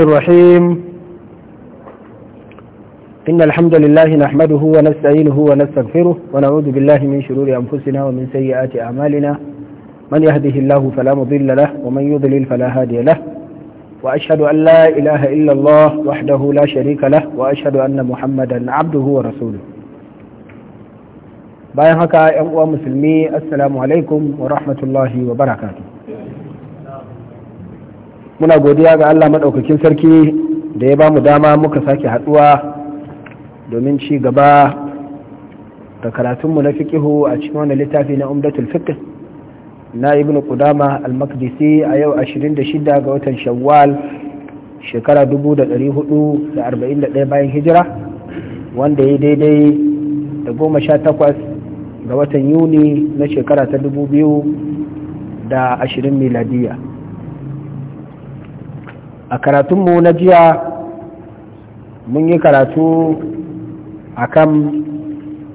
الرحيم إن الحمد لله نحمده ونستعينه ونستغفره ونعوذ بالله من شرور أنفسنا ومن سيئات أعمالنا من يهده الله فلا مضل له ومن يضلل فلا هادي له وأشهد أن لا إله إلا الله وحده لا شريك له وأشهد أن محمدا عبده ورسوله bayan haka 'yan uwa musulmi assalamu alaikum wa rahmatullahi wa barakatuh muna godiya ga Allah maɗaukakin sarki da ya ba mu dama muka sake haɗuwa domin ci gaba da karatunmu na fikihu a cikin wani littafi na umdatul fiqh na ibn qudama al makdisi a yau 26 ga watan shawwal shekara 441 bayan hijira wanda ya daidai da goma sha takwas ga watan yuni na shekara ta 2020 miladiya a karatunmu na jiya mun yi karatu a kan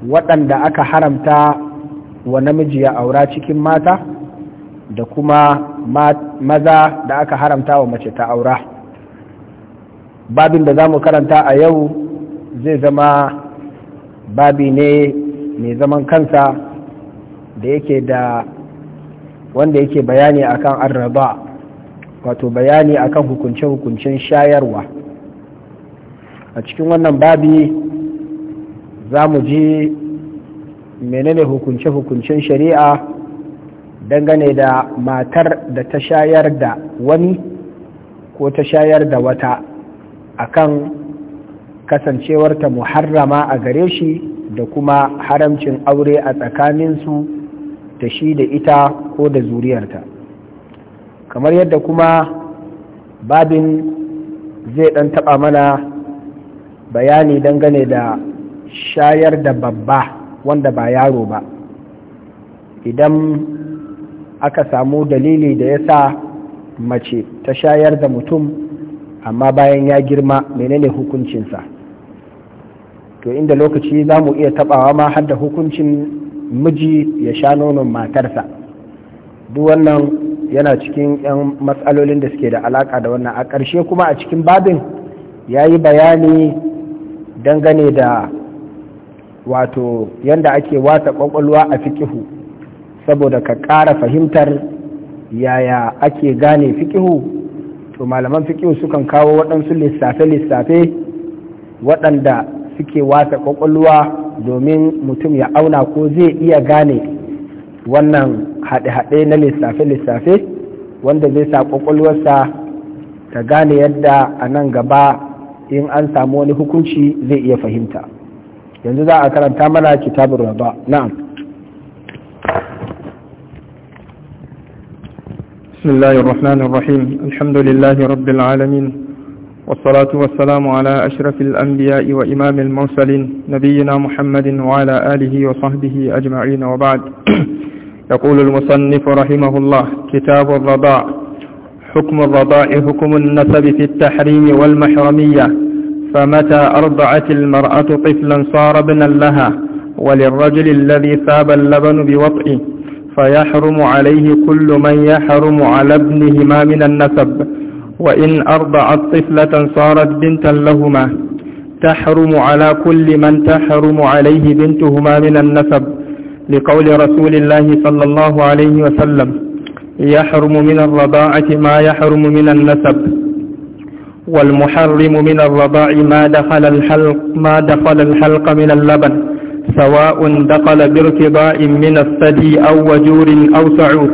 waɗanda aka haramta wa namiji ya aura cikin mata da kuma maza da aka haramta wa mace ta aura babin da za mu karanta a yau zai zama babi ne mai zaman kansa da yake da wanda yake bayani akan arraba wato bayani akan hukunce-hukuncen shayarwa a cikin wannan babi za mu ji menene hukunce-hukuncen shari'a dangane da matar da ta shayar da wani ko ta shayar da wata akan kasancewarta muharrama a gare shi da kuma haramcin aure a tsakaninsu da shi da ita ko da zuriyarta kamar yadda kuma babin zai ɗan taɓa mana bayani dangane da shayar da babba wanda ba yaro ba idan aka samu dalili da ya sa mace ta shayar da mutum amma bayan ya girma menene hukuncinsa to inda lokaci za mu iya tabawa ma har da hukuncin miji ya sha nonon matarsa duk wannan yana cikin 'yan matsalolin da suke da alaƙa da wannan a ƙarshe kuma a cikin babin ya yi bayani dangane da wato yadda ake wata ƙwaƙwalwa a fikihu saboda ka ƙara fahimtar yaya ake gane fikihu to malaman fikihu sukan kawo waɗansu lissafe-lissafe waɗanda suke wata ƙwaƙwalwa domin mutum ya auna ko zai iya gane wannan haɗe-haɗe na lissafe-lissafe wanda zai sa ƙwaƙwalwarsa ta gane yadda a nan gaba in an samu wani hukunci zai iya fahimta yanzu za a karanta mana kitabun raba na'am rahim alhamdulillahi rabbil alamin wassalatu wassalamu ala ashrafil anbiya wa imamil mursalin nabiyyina muhammadin wa ala alihi wa sahbihi ajma'ina wa ba'd يقول المصنف رحمه الله كتاب الرضاع حكم الرضاع حكم النسب في التحريم والمحرمية فمتى أرضعت المرأة طفلا صار ابنا لها وللرجل الذي ثاب اللبن بوطئه فيحرم عليه كل من يحرم على ابنهما من النسب وإن أرضعت طفلة صارت بنتا لهما تحرم على كل من تحرم عليه بنتهما من النسب لقول رسول الله صلى الله عليه وسلم يحرم من الرضاعة ما يحرم من النسب والمحرم من الرضاع ما دخل الحلق ما دخل الحلق من اللبن سواء دخل بارتضاء من الثدي أو وجور أو سعوط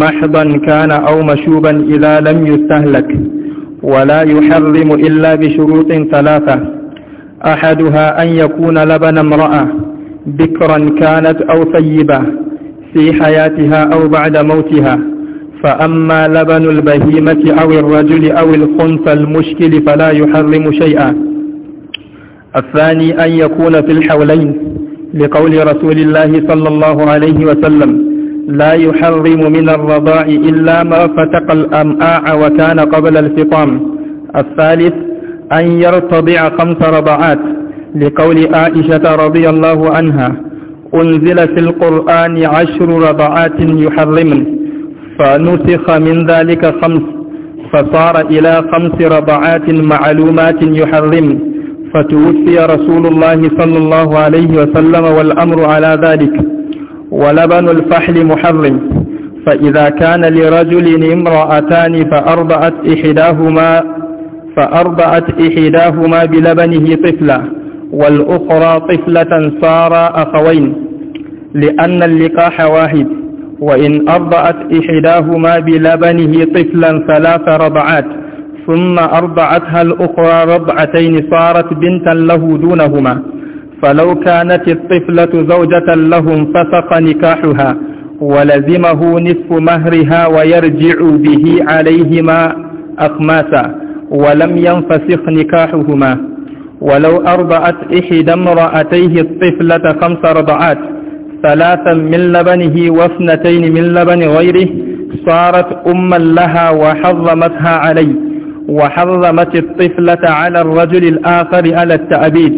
محضا كان أو مشوبا إذا لم يستهلك ولا يحرم إلا بشروط ثلاثة أحدها أن يكون لبن امرأة بكرا كانت أو ثيبة في حياتها أو بعد موتها فأما لبن البهيمة أو الرجل أو الخنف المشكل فلا يحرم شيئا الثاني أن يكون في الحولين لقول رسول الله صلى الله عليه وسلم لا يحرم من الرضاع إلا ما فتق الأمعاء وكان قبل الفطام الثالث أن يرتضع خمس رضعات لقول عائشة رضي الله عنها أنزل في القرآن عشر رضعات يحرمن فنسخ من ذلك خمس فصار إلى خمس رضعات معلومات يحرمن فتوفي رسول الله صلى الله عليه وسلم والأمر على ذلك ولبن الفحل محرم فإذا كان لرجل امرأتان فأرضعت إحداهما فأرضعت إحداهما بلبنه طفلا والأخرى طفلة صار أخوين لأن اللقاح واحد وإن أرضعت إحداهما بلبنه طفلا ثلاث رضعات ثم أرضعتها الأخرى رضعتين صارت بنتا له دونهما فلو كانت الطفلة زوجة لهم فسق نكاحها ولزمه نصف مهرها ويرجع به عليهما أخماسا ولم ينفسخ نكاحهما ولو أرضعت إحدى امرأتيه الطفلة خمس رضعات ثلاثا من لبنه واثنتين من لبن غيره صارت أما لها وحرمتها عليه وحرمت الطفلة على الرجل الآخر على التأبيد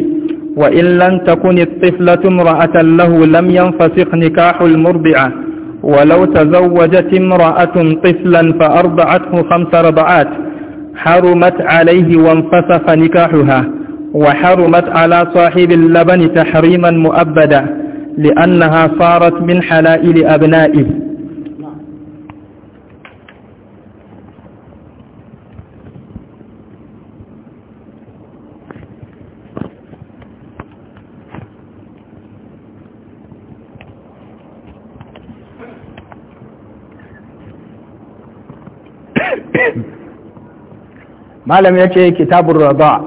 وإن لم تكن الطفلة امرأة له لم ينفسخ نكاح المرضعة ولو تزوجت امرأة طفلا فأرضعته خمس رضعات حرمت عليه وانفسخ نكاحها وحرمت على صاحب اللبن تحريما مؤبدا لأنها صارت من حلائل أبنائه ما لم ce كتاب الرضاع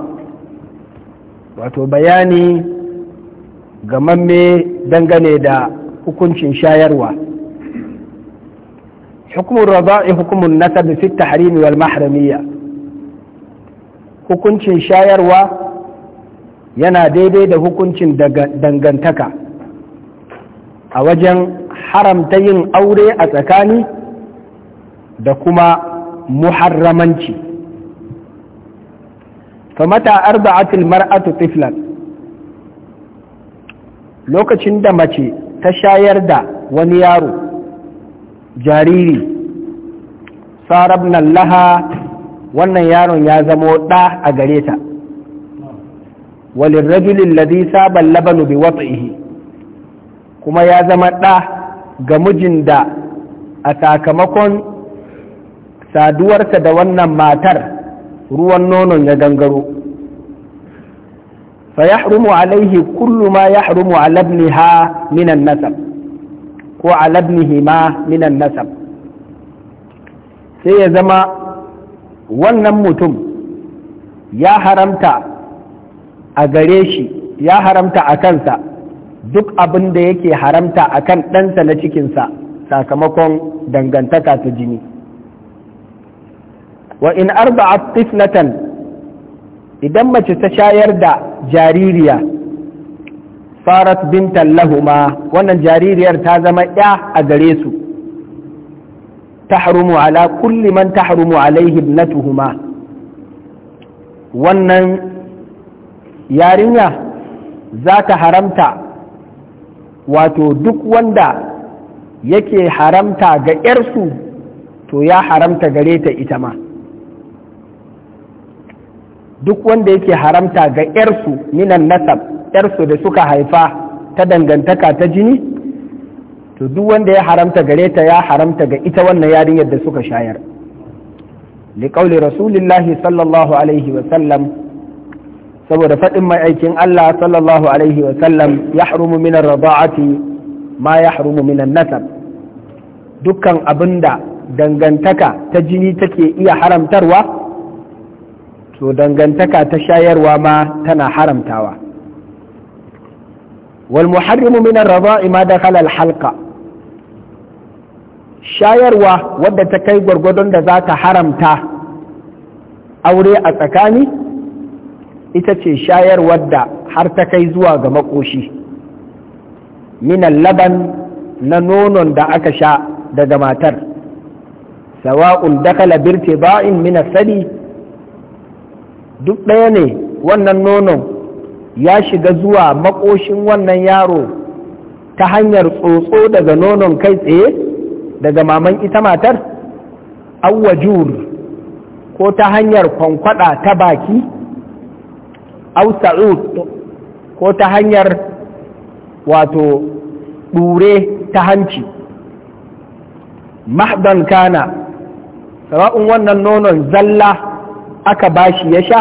wato bayani gamamme dangane da hukuncin shayarwa hukumar raba'i hukumar nasabi fi tahrimi wal mahramiyya hukuncin shayarwa yana daidai da hukuncin dangantaka a wajen haramta yin aure a tsakani da kuma muharramanci fa mata arba'atil mar'atu tiflan lokacin da mace ta shayar da wani yaro jariri sarabnan laha wannan yaron ya zamo ɗa a gare ta walirrajulin ladhi saban labanu bi wat'ihi kuma ya zama ɗa ga mijin da a sakamakon saduwarsa da wannan matar ruwan nonon ya gangaro fa ya yahrumu alaihi kullu ma yahrumu ala ibniha minan nasab ko ala ma minan nasab sai ya zama wannan mutum ya haramta a gare shi ya haramta a kansa duk abin da yake haramta a kan ɗansa na cikinsa sakamakon dangantaka ta jini wa in arba'at tiflatan idan mace ta shayar da jaririya farat bintan lahuma wannan jaririyar ta zama ya a gare su tahrumu ala kulli man tahrumu alaihi ibnatuhuma wannan yarinya za ta haramta wato duk wanda yake haramta ga 'yarsu to ya haramta gare ta ita ma duk wanda yake haramta ga ‘yarsu minan nasab ‘yarsu da suka haifa ta dangantaka ta jini to duk wanda ya haramta gare ta ya haramta ga ita wannan yarinyar da suka shayar liƙauli rasulillahi sallallahu alaihi wasallam saboda faɗin aikin Allah sallallahu alaihi wasallam ya harumu minan rada'ati ma ya harumu minan nasab dukkan abin da dangantaka ta jini take iya haramtarwa to dangantaka ta shayarwa ma tana haramtawa wal muharrimu min ar-rada'i ma dakhala al-halqa shayarwa wadda ta kai gwargwadon da za ta haramta aure a tsakani ita ce shayarwar da har ta kai zuwa ga makoshi minan laban na nonon da aka sha daga matar sawa'un dakala birte ba'in minas sadi duk ɗaya ne wannan nonon ya shiga zuwa makoshin wannan yaro ta hanyar tsotso daga nonon kai tsaye daga maman ita matar jur ko ta hanyar kwankwada ta baki au ko ta hanyar wato ɗure ta hanci mahdan kana sawa'un wannan nonon zalla aka bashi ya sha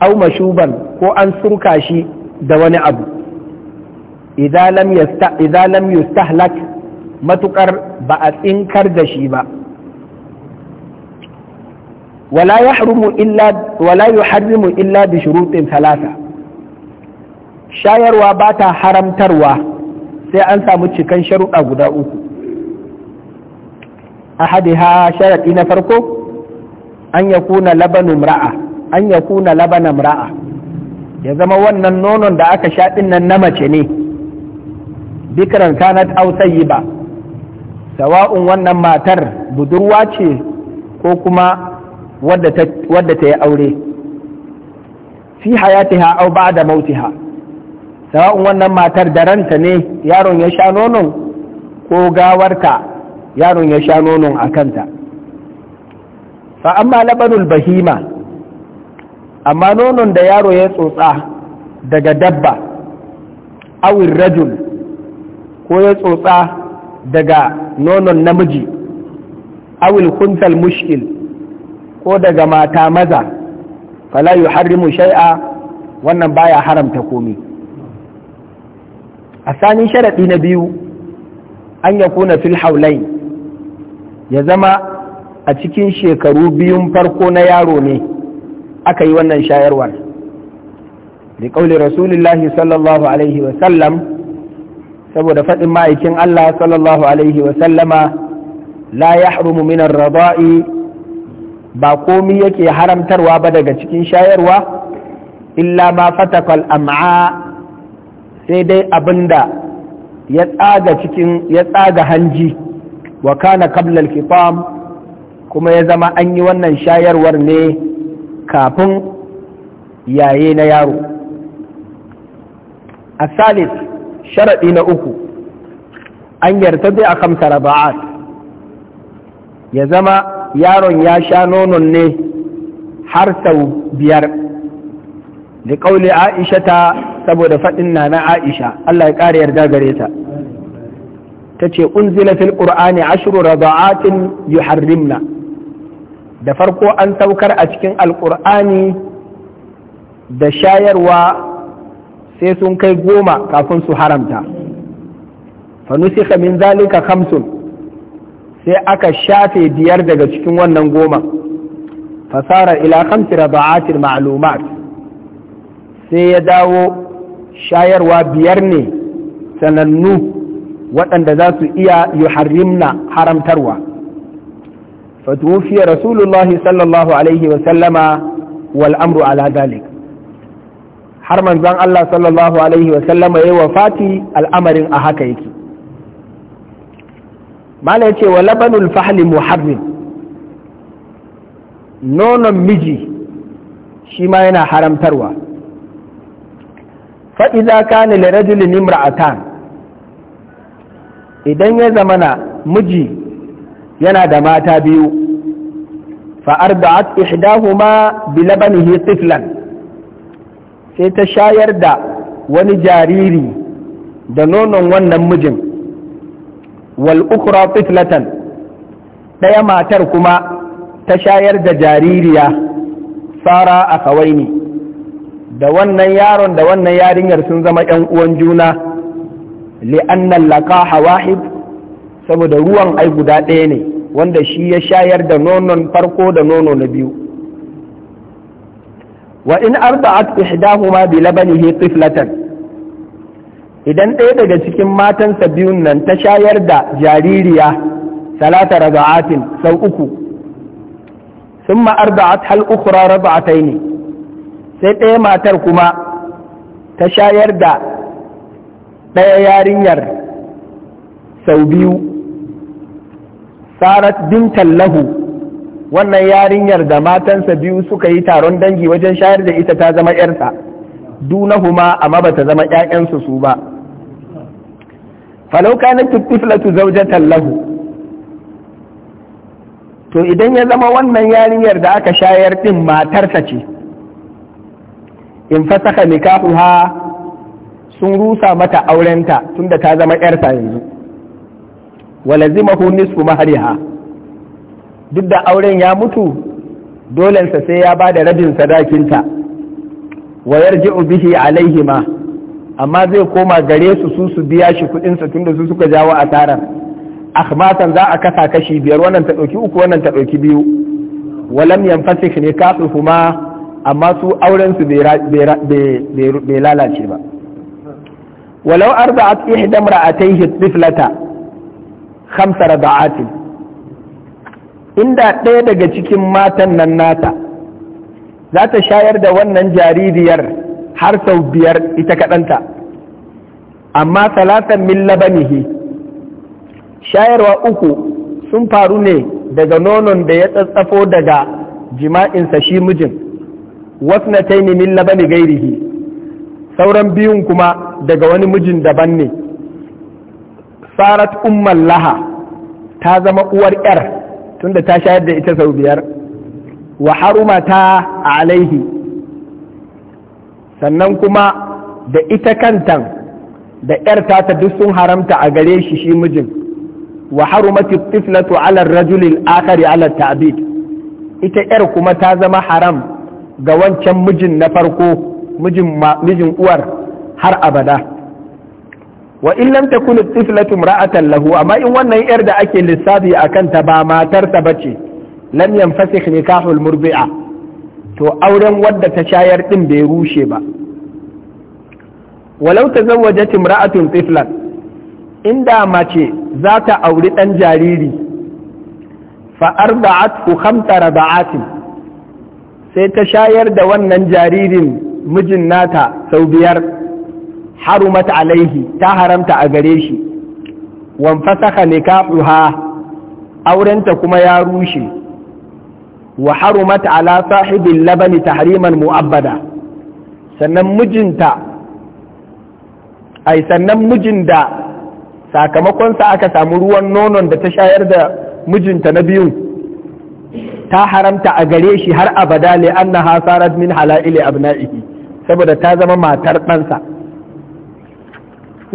au mashuban ko an surka shi da wani abu idza lam yustahlak matukar ba a tsinkar da shi ba wala yuharrimu illa bi shurutin talasa? shayarwa ba ta haramtarwa sai an samu cikan sharuɗa guda uku ahadiha sharaɗi na farko an ya kuna labanu ra'a, an ya kuna labana ra'a. ya zama wannan nonon da aka sha ɗinnan nan na mace ne bikiran kanat ausayi ba sawa'un wannan matar budurwa ce ko kuma wadda ta yi aure fi hayatiha au ba da mautiha sawa'un wannan matar da ranta ne yaron ya sha nonon ko gawarta yaron ya sha nonon a kanta fa amma labanul bahima amma nonon da yaro ya tsotsa daga dabba awin rajul ko ya tsotsa daga nonon namiji awil kuntal mushkil ko daga mata maza fala harrimu shai'a, wannan baya haramta komi a sanin sharaɗi na biyu an ya kuna fil ya zama a cikin shekaru biyun farko na yaro ne aka yi wannan shayarwar da ƙauli rasulullahi sallallahu alaihi wasallam saboda faɗin ma'aikin Allah sallallahu alaihi wasallama la ya harumu minar raba'i ba komi yake haramtarwa ba daga cikin shayarwa illa ma fatakal am'a sai dai abinda ya tsaga cikin ya tsaga hanji wa kana qablal kitam kuma ya zama an yi wannan shayarwar ne kafin yaye na yaro a salis sharaɗi na uku an yarta bi a kamsa raba'at ya zama yaron ya sha nonon ne har sau biyar da ƙauli aisha ta saboda faɗin na na aisha allah ya ƙara yarda gare ta ta ce unzila fil ƙur'ani ashiru raba'atin yuharrimna da farko an saukar a cikin alkur'ani da shayarwa sai sun kai goma kafin su haramta fanusikha min zalika khamsun sai aka shafe biyar daga cikin wannan goma fasara ila khamsi raba'atil ma'lumat sai ya dawo shayarwa biyar ne sanannu waɗanda za su iya yuharrimna haramtarwa فتوفي رسول الله صلى الله عليه وسلم والأمر على ذلك har manzon Allah sallallahu alaihi wa sallama yayi wafati al'amarin a haka yake mala yace wa labanul fahli muharrim nonon miji shi ma yana haramtarwa fa idza kana lirajulin idan ya zamana miji yana da mata biyu fa'arba'at ihdahuma bilabanihi tiflan sai ta shayar da wani jariri da nonon wannan mijin wal ukra tiflatan ɗaya matar kuma ta shayar da jaririya fara a kawaini da wannan yaron da wannan yarinyar sun zama ‘yan uwan juna li'annan laka wahid saboda ruwan ai guda ɗaya ne wanda shi ya shayar da nonon farko da nono na biyu wa in arda'at ihdahuma bi labanihi tiflatan idan ɗaya daga cikin matansa biyun nan ta shayar da jaririya salata raba'atin sau uku summa arda'at hal raba'atai ne sai ɗaya matar kuma ta shayar da ɗaya yarinyar sau biyu sarat bintan lahu wannan yarinyar da matansa biyu suka yi taron dangi wajen shayar da ita ta zama yarsa dunahuma amma bata zama ƴaƴansu su ba falau kana tiflatu zawjatan lahu to idan ya zama wannan yarinyar da aka shayar din matarsa ce in fasaka nikahuha sun rusa mata aurenta tunda ta zama yarsa yanzu walazimahu nisfu mahariha duk da auren ya mutu dolensa sai ya ba da rabin sadakinta wa yarji'u bihi alaihima amma zai koma gare su su su biya shi sa tunda su suka jawo asarar akhmatan za a kasa kashi biyar wannan ta ɗauki uku wannan ta ɗauki biyu walam yanfasikh ne kuma amma su auren su bai lalace ba walau arba'at ihda tiflata khamsa rada'atin inda ɗaya daga cikin matan nan nata za ta shayar da wannan jaririyar har sau biyar ita kaɗanta amma salatan min labanihi shayarwa uku sun faru ne daga nonon da ya tsatsafo daga jima'insa shi mijin wasna taini min labani gairihi sauran biyun kuma daga wani mijin daban ne sarat umman laha ta zama uwar yar tunda ta shayar da ita sau biyar wa harumata alaihi sannan kuma da ita kantan da yar ta duk sun haramta a gare shi shi mijin wa harumati tiflatu ala rajulil akhari ala ta'bid ita yar kuma ta zama haram ga wancan mijin na farko mijin uwar har abada wa in lam takun tiflatu imra'atan lahu amma in wannan yar da ake lissafi akan ta ba matar ta bace lam yanfasikh nikahul murbi'a to auren wadda ta shayar din bai rushe ba walau tazawwajat imra'atun tiflan inda mace za ta auri dan jariri fa arba'athu khamsa raba'atin sai ta shayar da wannan jaririn mijin nata sau biyar harumat alaihi ta haramta a gare shi wan fasaka nikahuha aurenta kuma ya rushe wa harumat ala sahibil labani tahriman mu'abbada sannan mijinta ai sannan mijin da sakamakonsa aka samu ruwan nonon da ta shayar da mijinta na biyun ta haramta a gare shi har abada li annaha sarat min halaili abna'ihi saboda ta zama matar ɗansa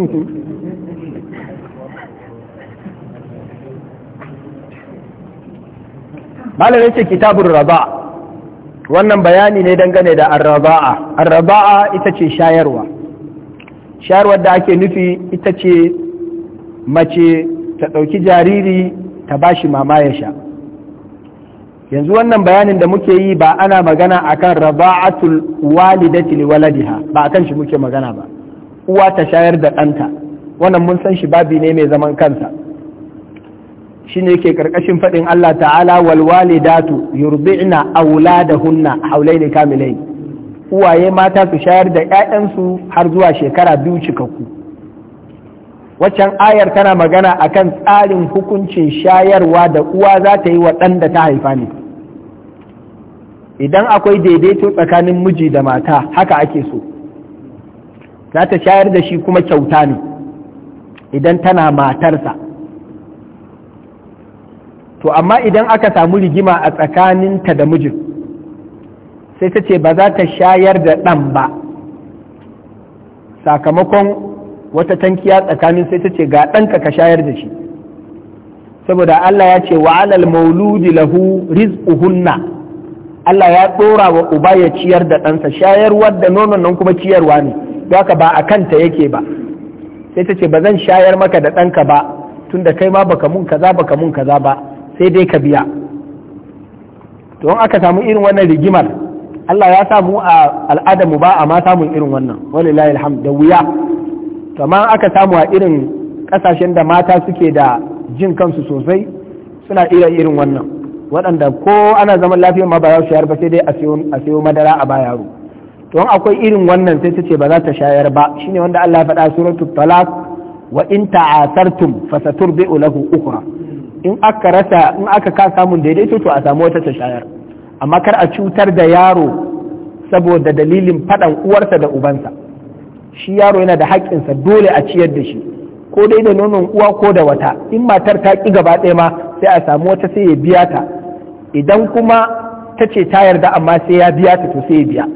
malar yake kitabun Raba'a. wannan bayani ne dangane da arraba'a arraba'a ita ce shayarwa shayarwar da ake nufi ita ce mace ta ɗauki jariri ta bashi mama ya sha yanzu wannan bayanin da muke yi ba ana magana akan raba'atul walidati liwaladiha ba akan shi muke magana ba uwa ta shayar da ɗanta wannan mun san shi babi ne mai zaman kansa shi ne ke ƙarƙashin faɗin Allah ta'ala Datu, yurbi'na haulai ne kamilai uwaye mata su shayar da 'ya'yansu har zuwa shekara biyu cikakku waccan ayar tana magana akan tsarin hukuncin shayarwa da uwa za ta yi wa ɗan da ta haifa ne idan akwai daidaito tsakanin miji da mata haka ake so za ta shayar da shi kuma kyauta ne idan tana matarsa to amma idan aka samu rigima a tsakaninta da mijin sai ta ce ba za ta shayar da ɗan ba sakamakon wata tankiya tsakanin sai ta ce ga ɗanka ka shayar da shi saboda Allah ya ce wa alal mauludi lahu rizquhunna Allah ya ɗora wa uba ya ciyar da ɗansa shayarwar da nonon nan kuma ciyarwa ne haka ba a kanta yake ba sai ta ce ba zan shayar maka da ɗanka ba tunda kai ma baka mun kaza baka mun kaza ba sai dai ka biya to in aka samu irin wannan rigimar Allah ya mu a al'adamu ba a ma samun irin wannan walilahi alhamd da wuya to amma aka samu a irin kasashen da mata suke da jin kansu sosai suna iya irin wannan waɗanda ko ana zaman lafiya ma ba za su shayar ba sai dai a siyo madara a ba yaro don akwai irin wannan sai ta ce ba za ta shayar ba shine wanda Allah faɗa suratu talaq wa in ta'asartum fasaturbi'u lahu ukhra in aka rasa in aka ka samun daidaito to a samu wata ta shayar amma kar a cutar da yaro saboda dalilin faɗan uwarsa da ubansa shi yaro yana da sa dole a ciyar da shi ko dai da nonon uwa ko da wata in matar ta ki gaba ɗaya ma sai a samu wata sai ya biya ta idan kuma ta ce ta yarda amma sai ya biya ta to sai ya biya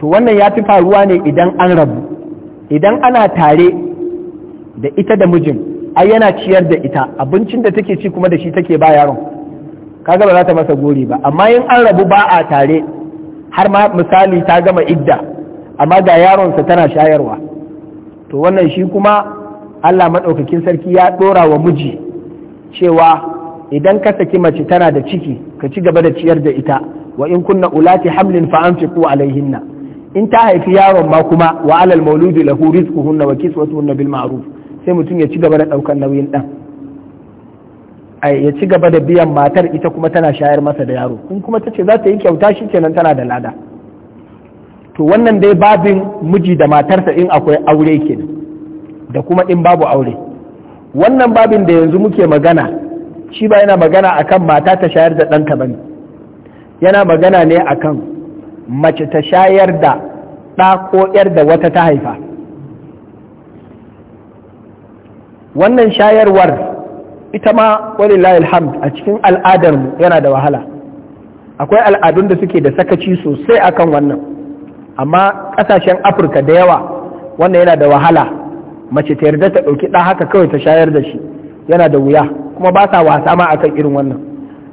to wannan ya fi faruwa ne idan an rabu idan ana tare da ita da mijin ai yana ciyar da ita abincin da take ci kuma da shi take ba yaron kaga ba za ta masa gori ba amma in an rabu ba a tare har ma misali ta gama idda amma ga yaronsa tana shayarwa to wannan shi kuma Allah maɗaukakin sarki ya ɗora wa miji cewa idan ka saki mace tana da ciki ka ci gaba da ciyar da ita wa in kunna ulati hamlin fa anfiqu alaihinna in ta haifi yaron ma kuma wa alal mauludi lahu rizquhunna wa kiswatuhunna bil ma'ruf sai mutum ya ci gaba da daukar nauyin dan ai ya ci gaba da biyan matar ita kuma tana shayar masa da yaro in kuma tace za ta yi kyauta shi kenan tana da lada to wannan dai babin miji da matarsa in akwai aure kenan da kuma in babu aure wannan babin da yanzu muke magana shi ba yana magana akan mata ta shayar da ɗanta bane yana magana ne akan mace ta shayar da ɗa ko ‘yar da wata ta haifa wannan shayarwar ita ma wani alhamd a cikin al'adarmu yana da wahala akwai al'adun da suke da sakaci sosai akan wannan amma ƙasashen afirka da yawa wannan yana da wahala mace ta yarda ta ɗauki ɗa haka kawai ta shayar da shi yana da wuya kuma ba sa wasa ma akan irin wannan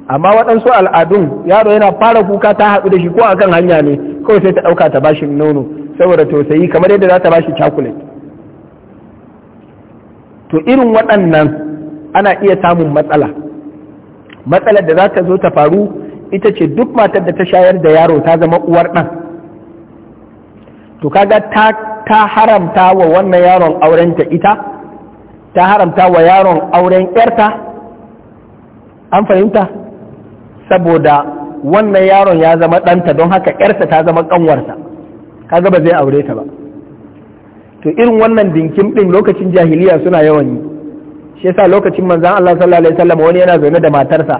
amma waɗansu al'adun yaro yana fara kuka ta haɗu da shi ko akan hanya ne kawai sai ta ɗauka ta bashi nono saboda tausayi kamar yadda za ta bashi cakulet to irin waɗannan ana iya samun matsala matsalar da za ta zo ta faru ita ce duk matar da ta shayar da yaro ta zama uwar ɗan to kaga ta, ta haramta wa wannan yaron auren ta ita ta haramta wa yaron auren 'yarta an fahimta saboda wannan yaron ya zama ɗanta don haka ƴarsa ta zama ƙanwarsa kaga ba zai aure ta ba to irin wannan dinkin ɗin lokacin jahiliya suna yawan yi shi yasa lokacin manzan Allah sallallahu alaihi wasallam wani yana zaune da matarsa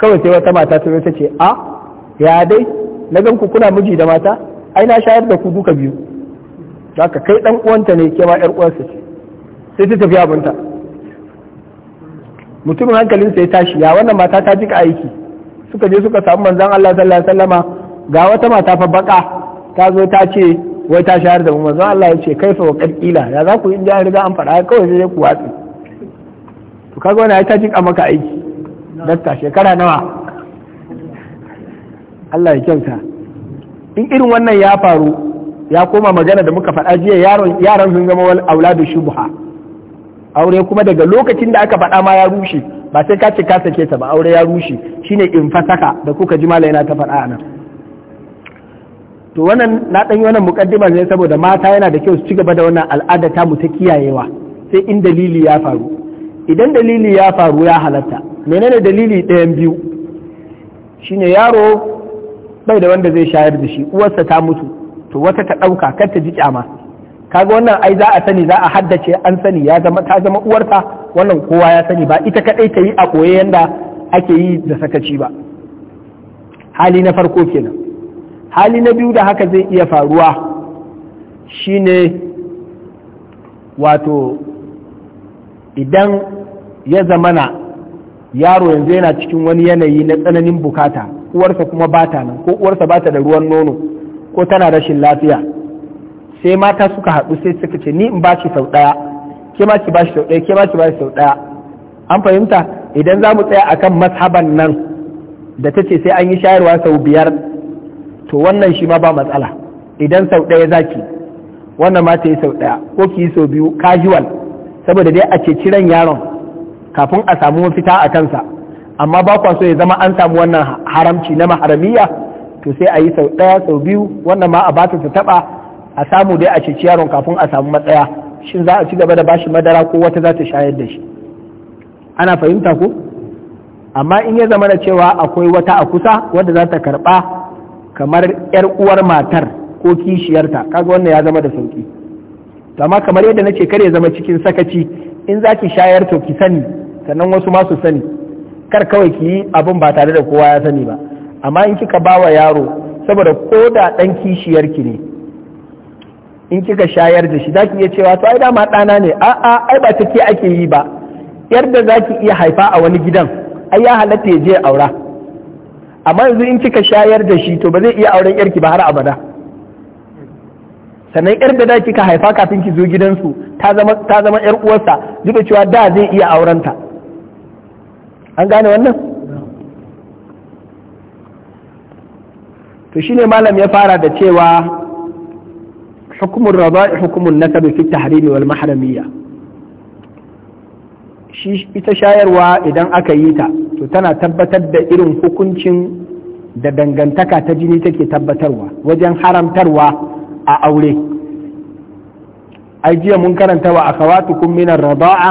kawai sai wata mata ta zo ta ce a ya dai na gan ku kuna miji da mata ai na shayar da ku duka biyu haka kai dan uwanta ne ke ma yar uwarsa ce sai ta tafi abunta mutumin hankalinsa ya tashi ya wannan mata ta jika aiki suka je suka samu manzan Allah sallallahu alaihi wasallama ga wata mata fa baka ta zo ta ce wai ta shahar da mu Allah ya ce kaifa wa qadila ya za ku yi da riga an fara kawai sai ku watsi to kaga wannan ai ta jika maka aiki dakta shekara nawa Allah ya kyauta in irin wannan ya faru ya koma magana da muka faɗa jiya yaron yaran sun zama wal auladu shubha aure kuma daga lokacin da aka faɗa ma ya rushe ba sai ka ce ka sake ta ba aure ya rushe shine in fasaka da kuka ji malai na ta faɗa nan to wannan na ɗan yi wannan mukaddima ne saboda mata yana da kyau su cigaba da wannan al'ada ta mu ta kiyayewa sai in dalili ya faru idan dalili ya faru ya halatta menene dalili ɗayan biyu shine yaro bai da wanda zai shayar da shi uwarsa ta mutu to wata ta ɗauka kar ta ji kyama kaga wannan ai za a sani za a haddace an sani ya zama ta zama uwarta wannan kowa ya sani ba ita kadai ta yi a koye yadda ake yi da sakaci ba hali na farko kenan hali na biyu da haka zai iya faruwa shine wato idan ya zamana yaro yanzu yana cikin wani yanayi na tsananin bukata uwarsa kuma bata nan ko uwarsa bata da ruwan nono ko tana rashin lafiya sai mata suka haɗu sai suka ce ni in ba shi sau ɗaya ke ma ki bashi sau ɗaya ke ma ki bashi sau ɗaya an fahimta idan za mu tsaya akan mashaban nan da ta ce sai an yi shayarwa sau biyar to wannan shi ma ba matsala idan sau ɗaya za ki wannan ma ta yi sau ɗaya ko ki yi sau biyu casual saboda dai a ceci ran yaron kafin a samu mafita a kansa amma ba kwa so ya zama an samu wannan haramci na maharamiya to sai a yi sau ɗaya sau biyu wannan ma a bata ta taɓa a samu dai a ceci yaron kafin a samu matsaya shin za a ci gaba da bashi madara ko wata za ta shayar da shi ana fahimta ko amma in ya zama da cewa akwai wata a kusa wadda za ta karba kamar yar uwar matar ko kishiyarta kaga wannan ya zama da sauki to amma kamar yadda nace kar ya zama cikin sakaci in za ki shayar to ki sani sannan wasu ma su sani kar kawai ki yi abin ba tare da kowa ya sani ba amma in kika ba wa yaro saboda ko da ɗan kishiyarki ne in kika shayar da shi zaki iya cewa to ai dama ɗana ne A'a a ai ba take ake yi ba da zaki iya haifa a wani gidan ai ya halatta ya je aura amma yanzu in kika shayar da shi to ba zai iya auren yarki ba har abada sannan yar da zaki ka haifa kafin ki zo gidansu ta zama ta zama yar uwarsa duk da cewa da zai iya aurenta an gane wannan to shine malam ya fara da cewa حكم الرضاء حكم النسب في التحريم والمحرمية shi ita shayarwa idan aka yi ta to tana tabbatar da irin hukuncin da dangantaka ta jini take tabbatarwa wajen haramtarwa a aure ai jiya mun karanta wa akhawatukum min ar-rida'a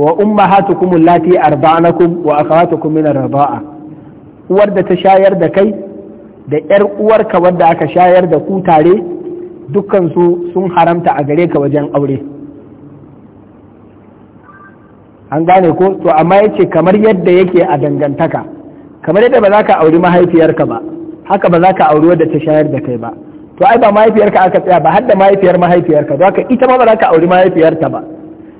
wa ummahatukum allati arda'nakum wa akhawatukum min ar uwar da ta shayar da kai da ‘yar uwarka wadda aka shayar da ku tare dukansu sun haramta a gare ka wajen aure an gane ko to amma ya ce kamar yadda yake a dangantaka kamar yadda ba za ka auri mahaifiyarka ba haka ba za ka auri wadda ta shayar da kai ba to ai ba mahaifiyarka aka tsaya ba har da mahaifiyar mahaifiyarka don haka ita ma ba za ka auri mahaifiyarta ba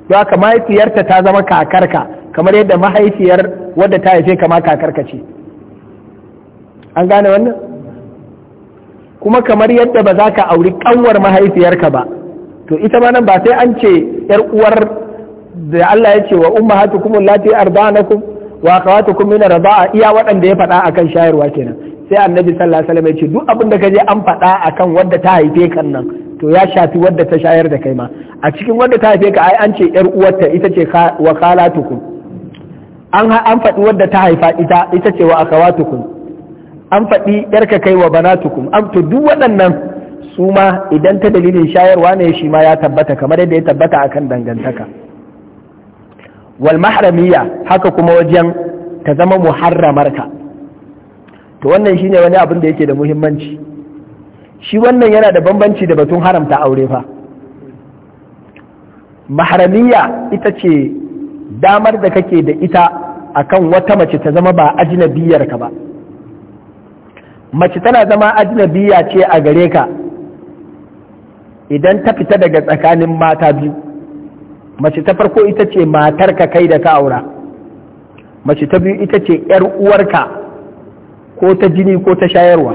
don haka mahaifiyarta ta zama kakarka kamar yadda mahaifiyar wadda ta haife kama kakarka ce an gane wannan kuma kamar yadda ba za ka auri kanwar mahaifiyarka ba to ita ma nan ba sai an ce yar uwar da Allah ya ce wa umma ummahatukum allati arba'anakum wa akhawatukum min arba'a iya waɗanda ya faɗa akan shayarwa kenan sai annabi sallallahu alaihi wasallam ya ce duk abin da kaje an faɗa akan wadda ta haife kan nan to ya shafi wadda ta shayar da kai ma a cikin wadda ta haife ka ai an ce yar uwarta ita ce wa khalatukum an an faɗi wadda ta haifa ita ita ce wa akhawatukum an faɗi yarka kai wa banatukum am to duk waɗannan su ma idan ta dalilin shayarwa ne shi ma ya tabbata kamar yadda ya tabbata akan dangantaka wal haka kuma wajen ta zama muharramarka to wannan shine wani abin da yake da muhimmanci shi wannan yana da bambanci da batun haramta aure fa mahramiyya ita ce damar da kake da ita akan wata mace ta zama ba ka ba mace tana zama ajnabiya ce a gare ka idan ta fita daga tsakanin mata biyu mace ta farko ita ce matarka kai da ka aura mace ta biyu ita ce 'yar uwarka ko ta jini ko ta shayarwa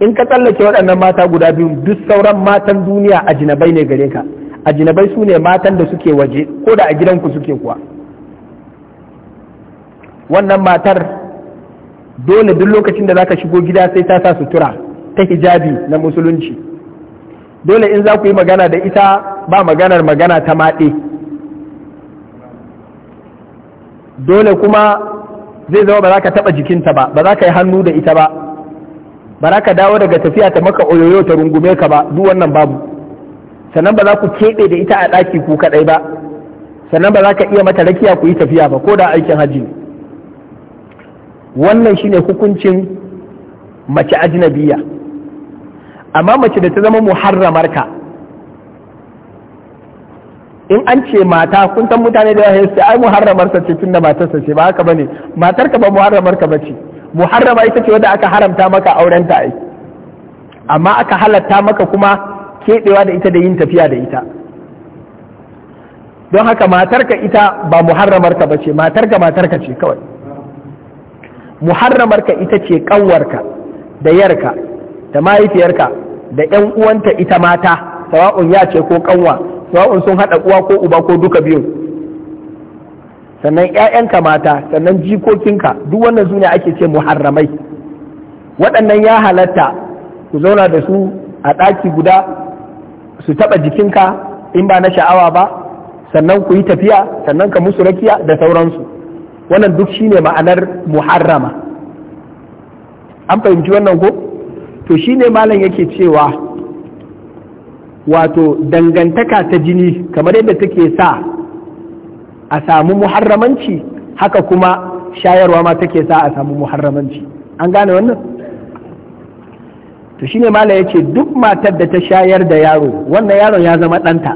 in ka tsallake waɗannan mata guda biyu duk sauran matan duniya ajinabai ne gare ka ajinabai su ne matan da suke waje ko da a gidanku suke kuwa wannan matar dole duk lokacin da zaka shigo gida sai ta sa sutura ta hijabi na musulunci dole in za ku yi magana da ita ba maganar magana ta maɗe dole kuma zai zama ba za ka taɓa jikinta ba ba za ka yi hannu da ita ba ba za ka dawo daga tafiya ta maka oyoyo ta rungume ka ba duk wannan babu sannan ba za ku keɓe da ita a ɗaki ku kaɗai ba sannan ba za ka iya mata rakiya ku yi tafiya ba ko da aikin hajji ne wannan shine hukuncin mace ajnabiya amma mace da ta zama muharramar ka in an ce mata kun san mutane da yawa sai ai muharramar sa ce da matarsa ce ba haka bane matar ka ba muharramar ka bace muharrama ita ce wadda aka haramta maka auren ta ai amma aka halatta maka kuma kebewa da ita da yin tafiya da ita don haka matarka ita ba muharramar ka bace matarka matarka ce kawai muharramarka ita ce ƙanwarka da yarka da mahaifiyarka da ‘yan uwanta ita mata sawa'un ya ce ko ƙanwa sawa'un sun haɗa uwa ko uba ko duka biyu sannan ‘ya'yanka mata sannan jikokinka duk wannan su ake ce muharramai waɗannan ya halatta ku zauna da su a ɗaki guda su taɓa jikinka in ba na sha'awa ba sannan ku yi tafiya sannan ka musu rakiya da sauransu wannan duk shine ma'anar muharrama an fahimci wannan ko to shine malam yake cewa wato dangantaka ta jini kamar yadda take sa a samu muharramanci haka kuma shayarwa ma take sa a samu muharramanci an gane wannan to shine malam yace duk matar da ta shayar da yaro wannan yaron ya zama ɗanta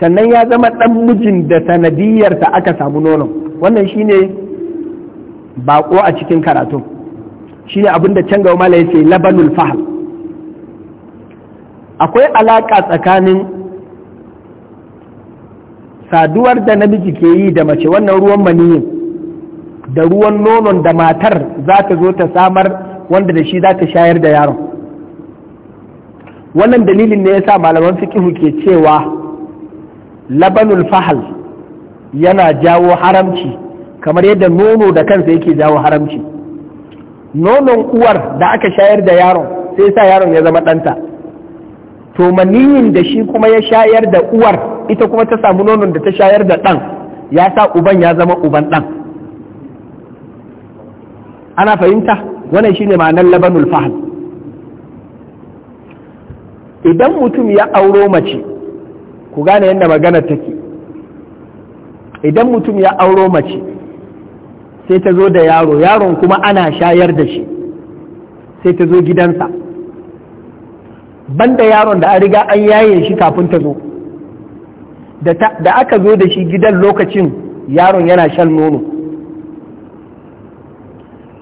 sannan ya zama ɗan mijin da sanadiyarsa aka samu nonon wannan shine baƙo a cikin karatu shine abin da can gaba mala yace labanul fahal akwai alaƙa tsakanin saduwar da namiji ke yi da mace wannan ruwan maniyin da ruwan nonon da matar za ta zo ta samar wanda da shi za ta shayar da yaron wannan dalilin ne ya sa malaman fikihu ke cewa labanul fahal yana jawo haramci kamar yadda nono da kansa yake jawo haramci nonon uwar da aka shayar da yaron sai sa yaron ya zama ɗanta to maniyin da shi kuma ya shayar da uwar ita kuma ta samu nonon da ta shayar da ɗan ya sa uban ya zama uban ɗan ana fahimta wannan shine ma'anar labanul fahal idan mutum ya auro mace ku gane yadda magana take idan mutum ya auro mace sai ta zo da yaro yaron kuma ana shayar da shi sai ta zo gidansa banda yaron da a riga an yaye shi kafin ta zo da aka zo da shi gidan lokacin yaron yana shan nono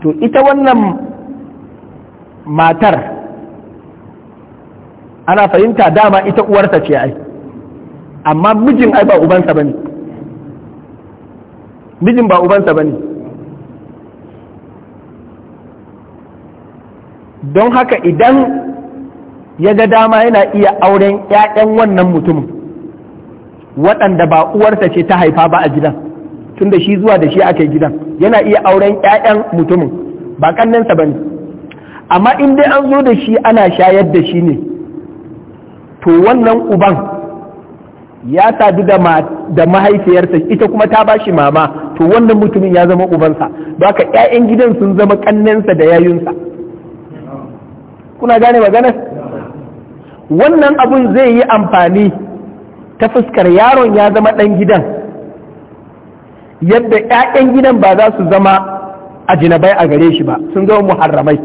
to ita wannan matar ana fahimta dama ita uwarta ce ai amma mijin ai ba ubansa bane mijin ba ubansa bane don haka idan ya ga dama yana iya auren 'ya'yan wannan mutumin waɗanda ba uwarsa ce ta haifa ba a gidan tun da shi zuwa da shi aka gidan yana iya auren 'ya'yan mutumin ba kannansa ba amma in dai an zo da shi ana shayar da shi ne to wannan uban ya sadu da mahaifiyarsa ita kuma ta bashi mama to wannan mutumin ya zama ubansa ba ka 'ya'yan gidan sun zama kannensa da yayunsa kuna gane maganar wannan abun zai yi amfani ta fuskar yaron ya zama ɗan gidan yadda 'ya'yan gidan ba za su zama ajinabai a gare shi ba sun zama muharramai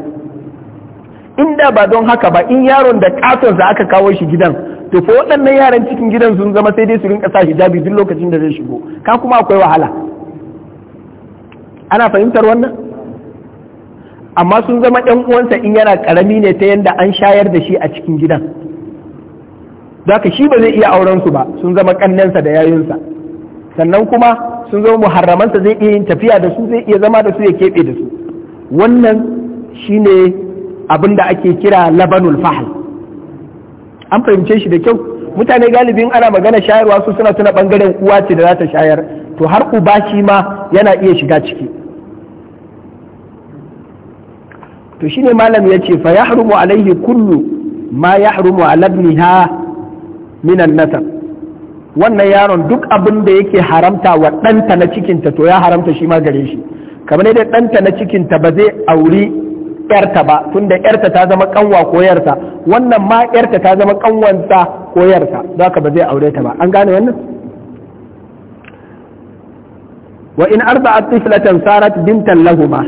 inda ba don haka ba in yaron da katonsa aka kawo shi gidan to fa waɗannan yaran cikin gidan sun zama sai dai su rinka sa hijabi duk lokacin da zai shigo ka kuma akwai wahala ana fahimtar wannan amma sun zama ɗan uwansa in yana ƙarami ne ta yadda an shayar da shi a cikin gidan zaka shi ba zai iya auren su ba sun zama ƙannensa da yayinsa sannan kuma sun zama muharramansa zai iya yin tafiya da su zai iya zama da su ya keɓe da su wannan shine abin da ake kira labanul fahal an fahimce shi da kyau mutane galibin ana magana shayarwa su suna tuna bangaren uwa ce da za ta shayar to har uba shi ma yana iya shiga ciki to shine malam ya ce fa yahrumu alaihi kullu ma yahrumu ala ibniha minan nasab wannan yaron duk abin da yake haramta wa ɗanta na cikinta to ya haramta shi ma gare shi kamar yadda ɗanta na cikinta ba zai auri yarta ba tunda yarta ta zama kanwa koyarsa wannan ma yarta ta zama kanwansa koyarsa za ka ba zai aure ta ba an gane wannan wa in arba'at tiflatan sarat bintan lahuma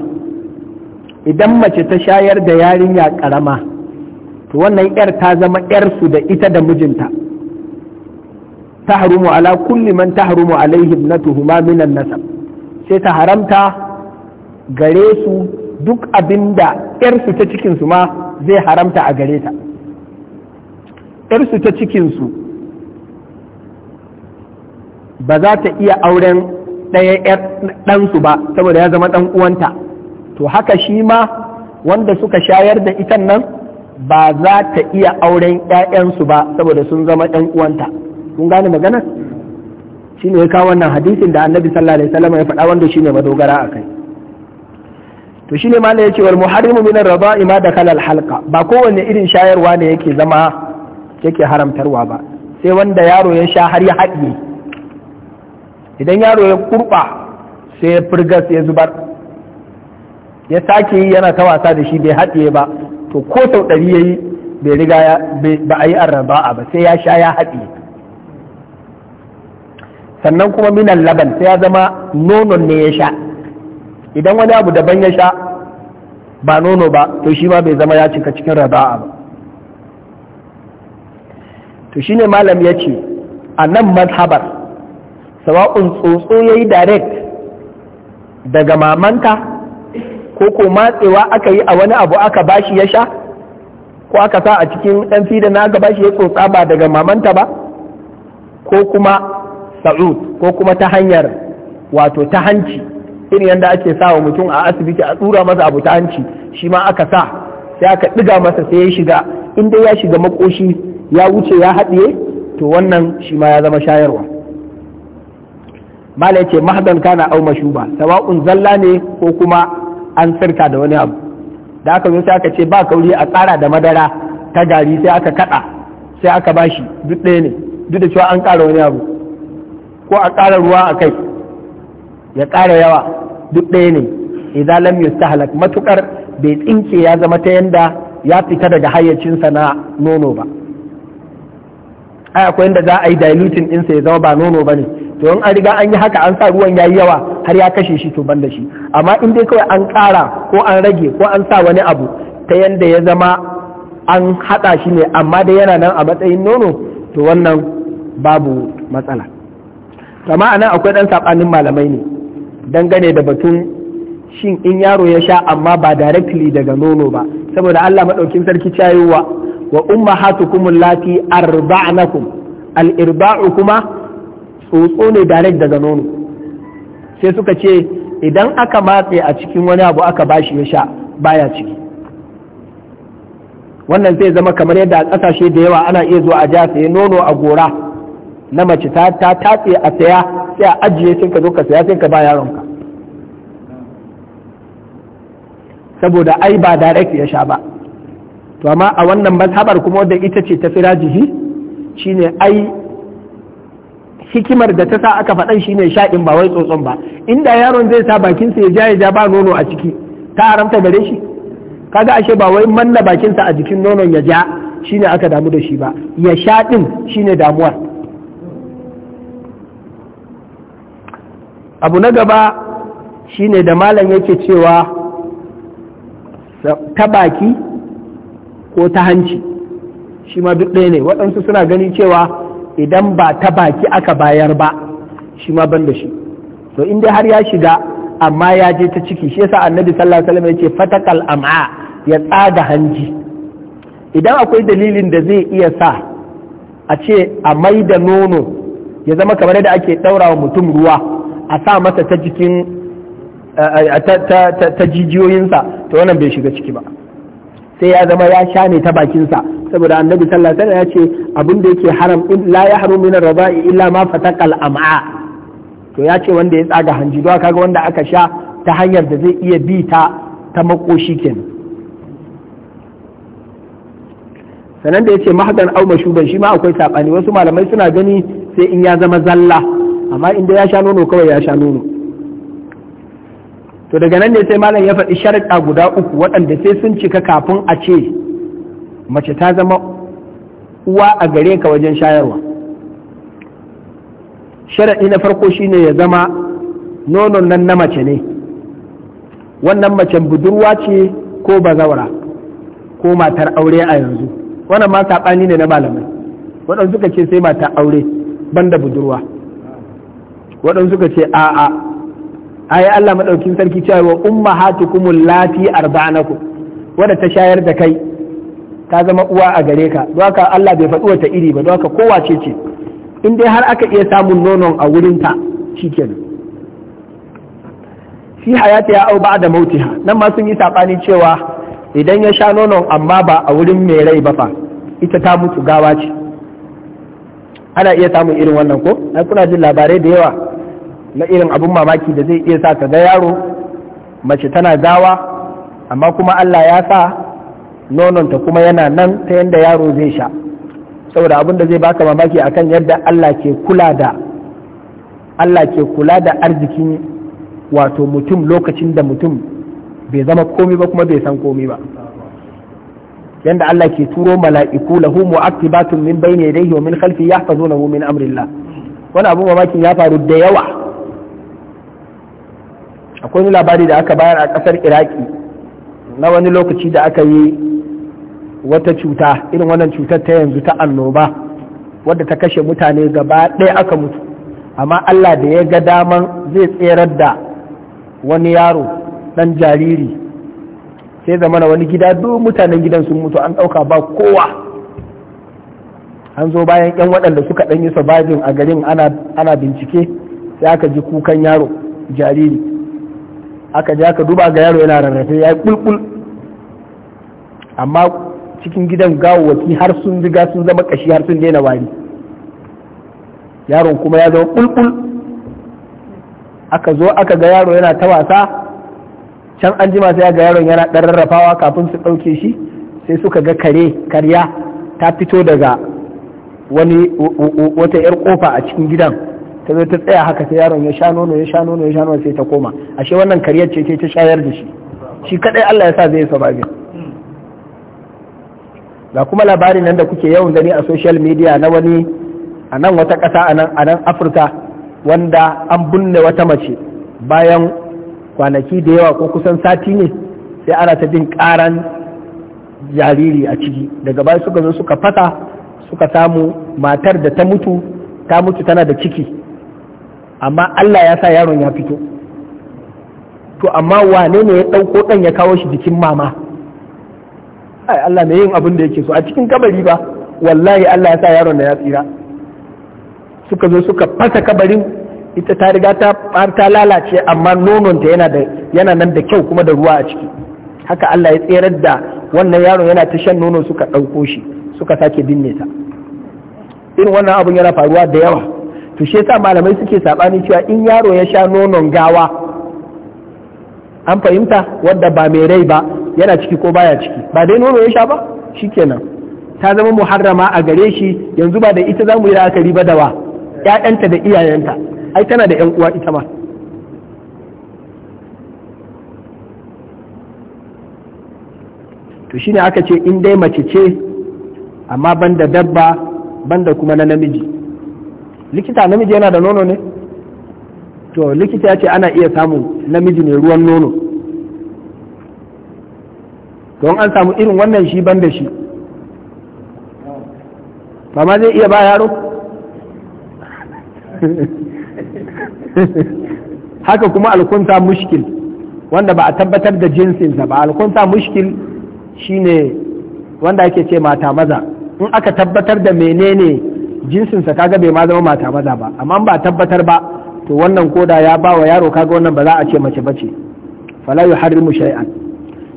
idan mace ta shayar da yarinya karama to wannan yar ta zama yar su da ita da mijinta harumu ala kulli man tahrumu alaihi na minan nasab sai ta haramta gare su duk abin da ‘yarsu ta cikinsu ma zai haramta a gare ta ‘yarsu ta cikinsu ba za ta iya auren ɗaya ɗansu ba saboda ya zama ɗan uwanta to haka shi ma wanda suka shayar da itan nan ba za ta iya auren ƴaƴansu ba saboda sun zama ɗan uwanta kun gane magana shi ne ya kawo wannan hadisin da annabi sallallahu alaihi wasallam ya faɗa wanda shi ne madogara a kai to shine malai yace wal muharrimu min ar-rida'i ma dakala al-halqa ba kowanne irin shayarwa ne yake zama yake haramtarwa ba sai wanda yaro ya sha har ya haɗiye idan yaro ya kurɓa sai ya sai ya zubar ya sake yi yana ta wasa da shi bai haɗiye ba to ko sau ɗari ya yi bai riga ba a yi arraba'a ba sai ya sha ya haɗiye sannan kuma minan laban sai ya zama nonon ne ya sha idan wani abu daban ya sha ba nono ba to shi ma bai zama ya cika cikin raba'a ba to shine malam ya ce a nan mazhabar sawa'un tsotso ya yi direct daga mamanta ko ko matsewa aka yi a wani abu aka bashi ya sha ko aka sa a cikin ɗan fi da na gaba shi ya tsotsa ba daga mamanta ba ko kuma sa'ud ko kuma ta hanyar wato ta hanci irin yadda ake sa wa mutum a asibiti a tsura masa abu ta hanci shi ma aka sa sai aka ɗiga masa sai ya shiga in dai ya shiga makoshi ya wuce ya haɗiye to wannan shi ma ya zama shayarwa mala yace mahdan kana au mashuba sawa'un zalla ne ko kuma an sirka da wani abu da aka zo sai aka ce ba kauri a tsara da madara ta gari sai aka kada sai aka bashi duk ɗaya ne duk da cewa an ƙara wani abu ko a ƙara ruwa a kai ya ƙara yawa duk ɗaya ne idan lam yustahlak matukar bai tsinke ya zama ta yanda ya fita daga hayyacinsa na nono ba ai akwai inda za a yi diluting sai ya zama ba nono ba ne to in an riga an yi haka an sa ruwan ya yi yawa har ya kashe shi to ban shi amma in dai kawai an ƙara ko an rage ko an sa wani abu ta yanda ya zama an haɗa shi ne amma dai yana nan a matsayin nono to wannan babu matsala amma anan akwai ɗan saɓanin malamai ne dangane da batun shin in yaro ya sha amma ba directly daga nono ba saboda Allah madaukin sarki cayowa wa ummahatukum allati arba'nakum al-irba'u kuma tsotso ne direct daga nono sai suka ce idan aka matse a cikin wani abu aka bashi ya sha baya ciki wannan zai zama kamar yadda a kasashe da yawa ana iya zuwa a ja nono a gora na mace ta ta tatse a saya sai a ajiye sai ka zo ka saya sai ka ba yaronka saboda ai ba direct ya sha ba to amma a wannan mazhabar kuma wadda ita ce ta firajihi shine ai hikimar da ta sa aka faɗan shine sha'in ba wai tsotson ba inda yaron zai sa bakinsa ya ja ya ja ba nono a ciki ta haramta gare shi kaga ashe ba wai manna bakinsa a jikin nonon ya ja shine aka damu da shi ba ya sha din shine damuwar abu na gaba shine da malam yake cewa ta baki ko ta hanci shi ma duk ɗaya ne waɗansu suna gani cewa idan ba ta baki aka bayar ba shi ma ban da shi to inda har ya shiga amma ya je ta ciki shi yasa annabi sallallahu alaihi wasallam yace fatakal am'a ya tsaga hanji idan akwai dalilin da zai iya sa a ce a mai da nono ya zama kamar da ake ɗaura wa mutum ruwa a sa masa ta jikin ta jijiyoyinsa to wannan bai shiga ciki ba sai ya zama ya sha ne ta bakinsa saboda annabi sallallahu alaihi ya ce abin da yake haram la ya haru min rabai illa ma fatakal am'a to ya ce wanda ya tsaga hanji don kaga wanda aka sha ta hanyar da zai iya bi ta ta makoshi kenan sanan da yace mahdan au mashuban shi ma akwai sabani wasu malamai suna gani sai in ya zama zalla amma inda ya sha nono kawai ya sha nono to daga nan ne sai malam ya faɗi sharaɗa guda uku waɗanda sai sun cika kafin a ce mace ta zama uwa a gare ka wajen shayarwa sharaɗi na farko shine ya zama nonon nan na mace ne wannan mace budurwa ce ko bazawara ko matar aure a yanzu wannan ma saɓani ne na malamai waɗanda suka ce sai matar aure banda budurwa waɗansu suka ce a'a yi Allah maɗaukin sarki cewa wa ummahatukumul lati arba'anaku wadda ta shayar da kai ta zama uwa a gare ka don haka Allah bai faɗi wata iri ba don haka kowa ce in dai har aka iya samun nonon a wurinta nan. fi hayata ya au ba da mautiha nan ma sun yi saɓani cewa idan ya sha nonon amma ba a wurin mai rai ba fa ita ta mutu gawa ce ana iya samun irin wannan ko na kuna jin labarai da yawa na irin abun mamaki da zai iya sa ka ga yaro mace tana gawa amma kuma Allah ya sa nononta kuma yana nan ta yadda yaro zai sha saboda abin da zai baka mamaki akan yadda Allah ke kula da Allah ke kula da arzikin wato mutum lokacin da mutum bai zama komi ba kuma bai san komi ba yanda Allah ke turo mala'iku lahu mu'aqqibatun min bayni yadayhi wa min khalfi yahfazunahu min amrillah wani abun mamakin ya faru da yawa akwai wani labari da aka bayar a kasar iraki na wani lokaci da aka yi wata cuta irin wannan cutar ta yanzu ta annoba wadda ta kashe mutane gaba ɗaya aka mutu amma allah da ya ga daman zai tserar da wani yaro ɗan jariri sai zamana wani gida duk mutanen gidan sun mutu an ɗauka ba kowa an zo bayan yan waɗanda suka ɗanyi sabajin a garin ana bincike sai aka ji kukan yaro jariri aka je aka duba ga yaro yana rarrafe ya yi bulbul amma cikin gidan gawawaki har sun riga sun zama kashi har sun daina wari yaron kuma ya zama bulbul aka zo aka ga yaro yana ta wasa can an jima sai ga yaron yana ɗan rarrafawa kafin su ɗauke shi sai suka ga kare karya ta fito daga wani wata 'yar kofa a cikin gidan ta zo ta tsaya haka ta yaron ya sha nono ya sha nono ya sha nono sai ta koma ashe wannan kariyar ce ta shayar da shi shi kadai Allah ya sa zai sababin ga kuma labarin nan da kuke yawan gani a social media na wani a nan wata kasa a nan afirka wanda an bunne wata mace bayan kwanaki da yawa ko kusan sati ne sai ana ta jin karan jariri a ciki daga baya suka zo suka fata suka samu matar da ta mutu ta mutu tana da ciki amma Allah ya sa yaron ya fito to amma wane ne ya ɗauko ɗan ya kawo shi jikin mama ai Allah yin abin da yake so a cikin kabari ba wallahi Allah ya sa yaron da ya tsira suka zo suka fasa kabarin ita ta riga ta ta lalace amma nononta yana da yana nan da kyau kuma da ruwa a ciki haka Allah ya tserar da wannan yaron yana ta shan nono suka ɗauko shi suka sake binne ta irin wannan abun yana faruwa da yawa to shi yasa malamai suke sabani cewa in yaro ya sha nonon gawa an fahimta wadda ba mai rai ba yana ciki ko baya ciki ba dai nono ya sha ba shi shikenan ta zama muharrama a gare shi yanzu ba da ita zamu yi la'akari ba da wa ƴaƴanta da iyayenta ai tana da ƴan uwa ita ma to shine aka ce in dai mace ce amma banda dabba banda kuma na namiji likita namiji yana da nono ne to likita ya ce ana iya samun namiji ne ruwan nono don an samu irin wannan shi ban da shi ba ma zai iya ba yaro haka kuma alkunta mushkil wanda ba a tabbatar da jinsinsa ba alkunta mushkil shine wanda ake ce mata maza in aka tabbatar da menene jinsinsa kaga bai ma zama mata maza ba amma ba tabbatar ba to wannan koda ya ba wa yaro kaga wannan ba za a ce mace bace fala yuharrimu shay'an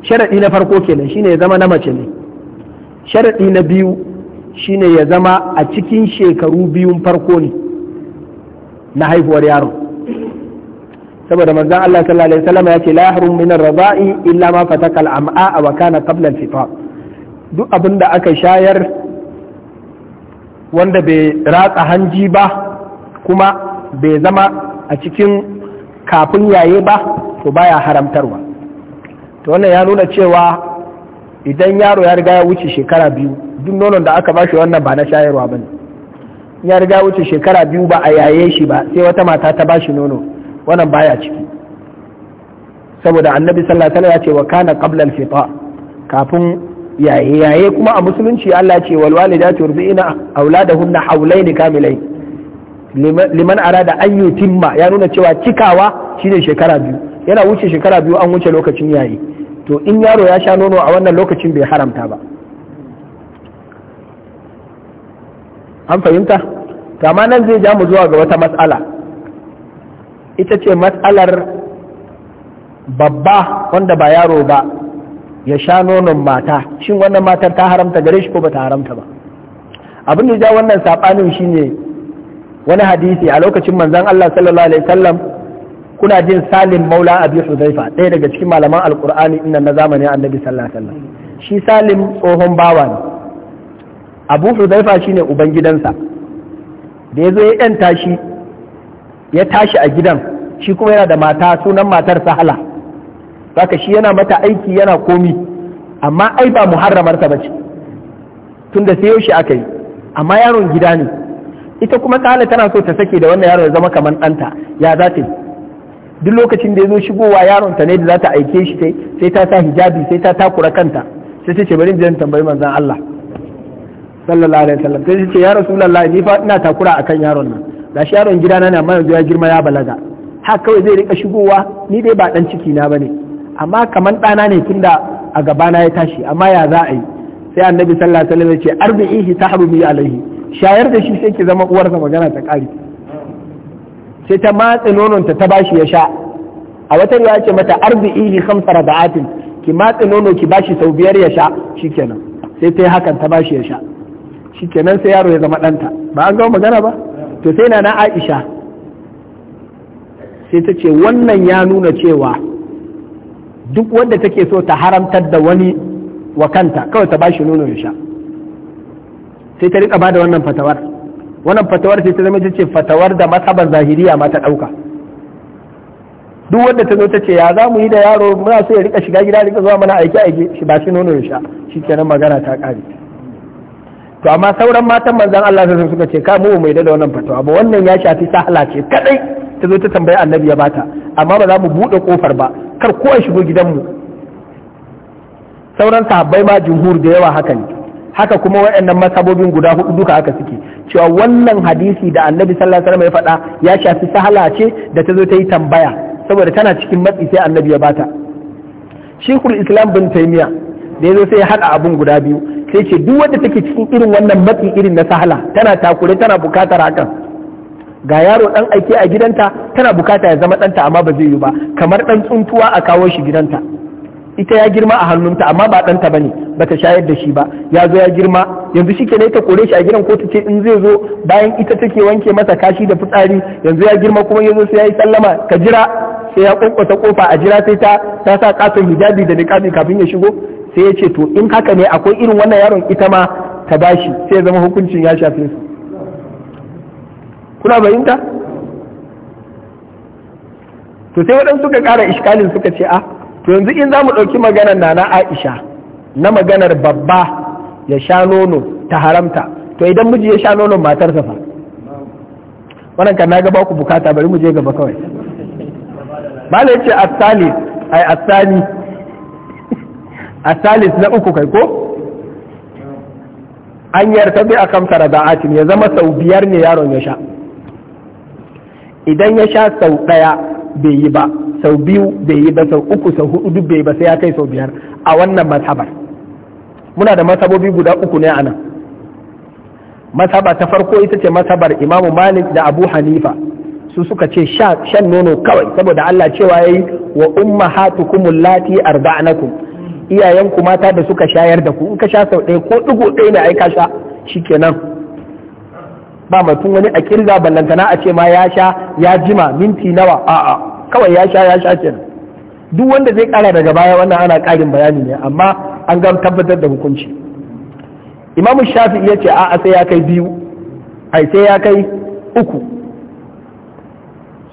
sharadi na farko kenan shine ya zama na mace ne sharadi na biyu shine ya zama a cikin shekaru biyun farko ne na haihuwar yaro saboda manzon Allah sallallahu alaihi wasallam ya ce la yahrum min ar-rida'i illa ma fataka al-am'a wa kana qabla al-fitar duk abinda aka shayar wanda bai ratsa hanji ba kuma bai zama a cikin kafin yaye ba to baya haramtarwa to wannan ya nuna cewa idan yaro ya riga ya wuce shekara biyu duk nonon da aka bashi wannan ba na shayarwa ba ne ya riga wuce shekara biyu ba a yaye shi ba sai wata mata ta bashi nono wannan baya ciki saboda annabi sallallahu alaihi wasallam ya ce wa kana qabla al-fita kafin yaye yaye kuma a musulunci Allah ce wal walidatu yurdina auladahunna haulaini kamilai liman arada an yutimma ya nuna cewa cikawa shine shekara biyu yana wuce shekara biyu an wuce lokacin yayi to in yaro ya sha nono a wannan lokacin bai haramta ba an fahimta kama nan zai ja mu zuwa ga wata matsala ita ce matsalar babba wanda ba yaro ba ya sha nonon mata shin wannan matar ta haramta gare shi ko ba ta haramta ba abin da ja wannan saɓanin shi ne wani hadisi a lokacin manzon Allah sallallahu alaihi wasallam kuna jin Salim Maula Abi Hudhaifa ɗaya daga cikin malaman Alƙur'ani inna na zamanin Annabi sallallahu alaihi wasallam shi Salim tsohon bawa ne Abu Hudhaifa shine uban gidansa da yazo ya yanta tashi ya tashi a gidan shi kuma yana da mata sunan matar Sahala Zaka shi yana mata aiki yana komi amma ai ba muharramarta ba ce tunda sai yaushe aka yi amma yaron gida ne ita kuma tsala tana so ta sake da wannan yaron ya zama kaman ɗanta ya za ta yi duk lokacin da ya zo shigowa yaron ne da za ta aike shi sai ta sa hijabi sai ta takura kanta sai ta ce bari in tambayi manzon Allah sallallahu alaihi wasallam sai ce ya rasulullahi ni fa ina takura akan yaron nan gashi yaron gida na yanzu ya girma ya balaga haka kawai zai rika shigowa ni dai ba dan ciki na bane amma kaman ɗana ne tunda a gabana ya tashi amma ya za a yi sai annabi sallallahu alaihi wasallam ya ce arbi'ihi tahrumi alaihi shayar da shi sai ki zama uwar sa magana ta kare sai ta matsa nononta ta bashi ya sha a wata riwaya ce mata arbi'ihi khamsa rabaatin ki matsa nono ki bashi sau biyar ya sha shikenan sai ta yi hakan ta bashi ya sha shikenan sai yaro ya zama ɗanta ba an gama magana ba to sai na na Aisha sai ta ce wannan ya nuna cewa duk wanda take so ta haramtar da wani wa kanta kawai ta bashi nono ya sha sai ta rika bada wannan fatawar wannan fatawar sai ta zama ta ce fatawar da mazhaban zahiriya ma ta dauka duk wanda ta zo ta ce ya za mu yi da yaro muna so ya rika shiga gida rika zuwa mana aiki aiki shi ba shi nono ya sha shikenan magana ta kare to amma sauran matan manzon Allah sai suka ce ka mu mai da wannan fatawa ba wannan ya shafi sahala ce kadai ta zo ta tambayi annabi ya bata amma ba za mu buɗe kofar ba kar a shigo gidanmu sauran sahabbai ma jumhur da yawa haka ne haka kuma waɗannan masabobin guda hudu duka haka suke cewa wannan hadisi da annabi sallallahu alaihi wasallam ya faɗa ya shafi sahala ce da ta zo ta yi tambaya saboda tana cikin matsi sai annabi ya bata shekul islam bin taimiya da ya zo sai ya haɗa abun guda biyu sai ce duk wanda take cikin irin wannan matsi irin na sahala tana takure tana bukatar hakan ga yaro ɗan aike a gidanta tana bukata ya zama ɗanta amma ba zai yi ba kamar ɗan tsuntuwa a kawo shi gidanta ita ya girma a hannunta amma ba ɗanta bane bata shayar da shi ba ya zo ya girma yanzu shi ne ta kore shi a gidan ko ta ce in zai zo bayan ita take wanke masa kashi da fitsari yanzu ya girma kuma ya zo sai ya yi sallama ka jira sai ya kokota kofa a jira sai ta ta sa katon hijabi da niqabi kafin ya shigo sai ya ce to in haka ne akwai irin wannan yaron ita ma ta bashi sai ya zama hukuncin ya shafe su kuna fahimta to sai waɗansu suka ƙara iskalin suka ce a ah, to yanzu in za mu ɗauki maganar na na aisha na maganar babba ya sha nono ta haramta to idan miji ya sha nonon matarsa fa wannan kan naga ba ku bukata bari mu je gaba kawai bala yace asali ai asali asali na uku kai ko an yarta bi akan karada'atin ya zama sau biyar ne yaron ya sha idan ya sha sau ɗaya bai yi ba sau biyu bai yi ba sau uku sau hudu duk bai yi ba sai ya kai sau biyar a wannan mazhabar muna da mazhabobi guda uku ne a nan mazhaba ta farko ita ce mazhabar imamu malik da abu hanifa su suka ce shan nono kawai saboda allah cewa yayi wa umma ummahatukum arba'a naku. iyayenku mata da suka shayar da ku in ka sha sau ɗaya ko ɗigo ɗaya ne ai ka sha shikenan ba mutum wani a kirga ballantana a ce ma ya sha ya jima minti nawa a'a kawai ya sha ya sha kenan duk wanda zai kara daga baya wannan ana karin bayani ne amma an ga tabbatar da hukunci imamu shafi ya ce a'a sai ya kai biyu ai sai ya kai uku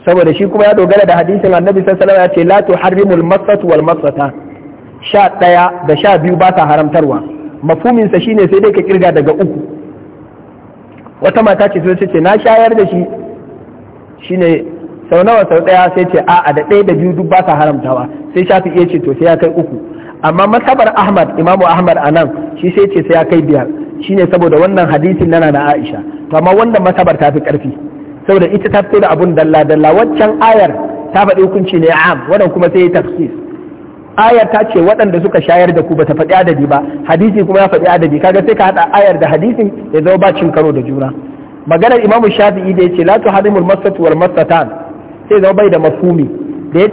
saboda shi kuma ya dogara da hadisin annabi sallallahu alaihi wasallam ya ce la tuharrimul masatu wal masata sha ɗaya da sha biyu ba sa haramtarwa mafuminsa shine sai dai ka kirga daga uku wata mata ce sai ce na shayar da shi shine sau nawa sau daya sai ce a'a da ɗaya da biyu duk ba sa haramtawa sai shafi iya ce to sai ya kai uku amma masabar ahmad imamu ahmad anan shi sai ce sai ya kai biyar Shi ne saboda wannan hadisin nana na aisha to amma wannan masabar ta fi karfi saboda ita ta fito da abun dalla dalla waccan ayar ta faɗi hukunci ne am wannan kuma sai ya tafsir ayar ta ce waɗanda suka shayar da ku bata faɗi adadi ba hadisi kuma ya faɗi adadi kaga sai ka haɗa ayar da hadisin ya zama ba cin karo da juna maganar imamu shafi'i da ya ce la tuharimul masatu wal masatan sai zama bai da mafhumi da ya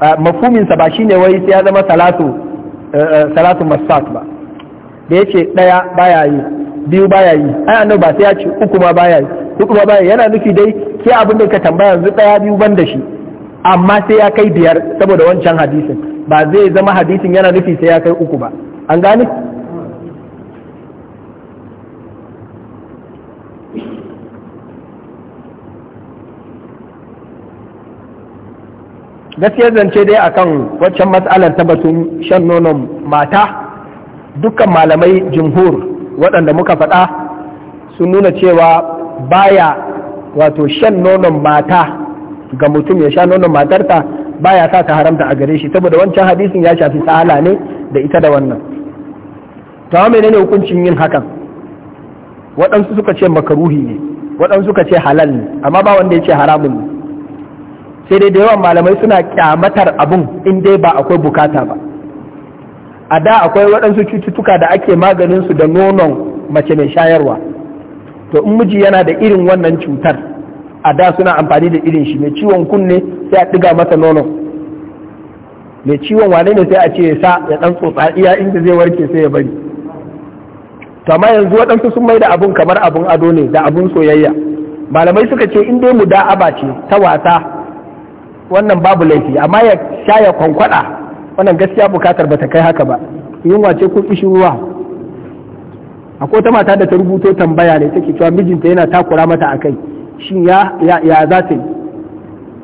ah, mafhumin sa ba shine wai sai ya zama salatu eh, eh, salatu masat ba da ya ce daya baya yi biyu baya yi ai annabi ba sai ya ce uku ma baya yi uku ma baya yana nufi dai ke abin da ka tambaya yanzu daya biyu ban da shi amma sai ya kai biyar saboda wancan hadisin ba zai zama hadisin yana nufi sai ya kai uku ba an gane gaskiyar zance dai akan waccan matsalar ta batun shan nonon mata dukkan malamai jimhur waɗanda muka faɗa sun nuna cewa baya wato shan nonon mata ga mutum ya sha nonon matarsa baya sa ta haramta a gare shi saboda wancan hadisin ya shafi sala ne da ita da wannan ta menene hukuncin yin hakan waɗansu suka ce makaruhi ne waɗansu suka ce halal ne amma ba wanda ya ce haramun ne sai dai da yawan malamai suna kyamatar abun in dai ba akwai bukata ba a da akwai waɗansu cututtuka da ake maganin su da nonon mace mai shayarwa to in miji yana da irin wannan cutar a da suna amfani da irin shi mai ciwon kunne sai a ɗiga masa nono mai ciwon wane ne sai a ce ya sa ya ɗan tsotsa iya inda zai warke sai ya bari to amma yanzu waɗansu sun mai da abun kamar abun ado ne da abun soyayya malamai suka ce in dai aba ce ta wasa wannan babu laifi amma ya sha ya kwankwada wannan gaskiya bukatar bata kai haka ba yunwa ce kun ishi ruwa akwai ta mata da ta rubuto tambaya ne take cewa mijinta yana takura mata a kai. shin ya za ta yi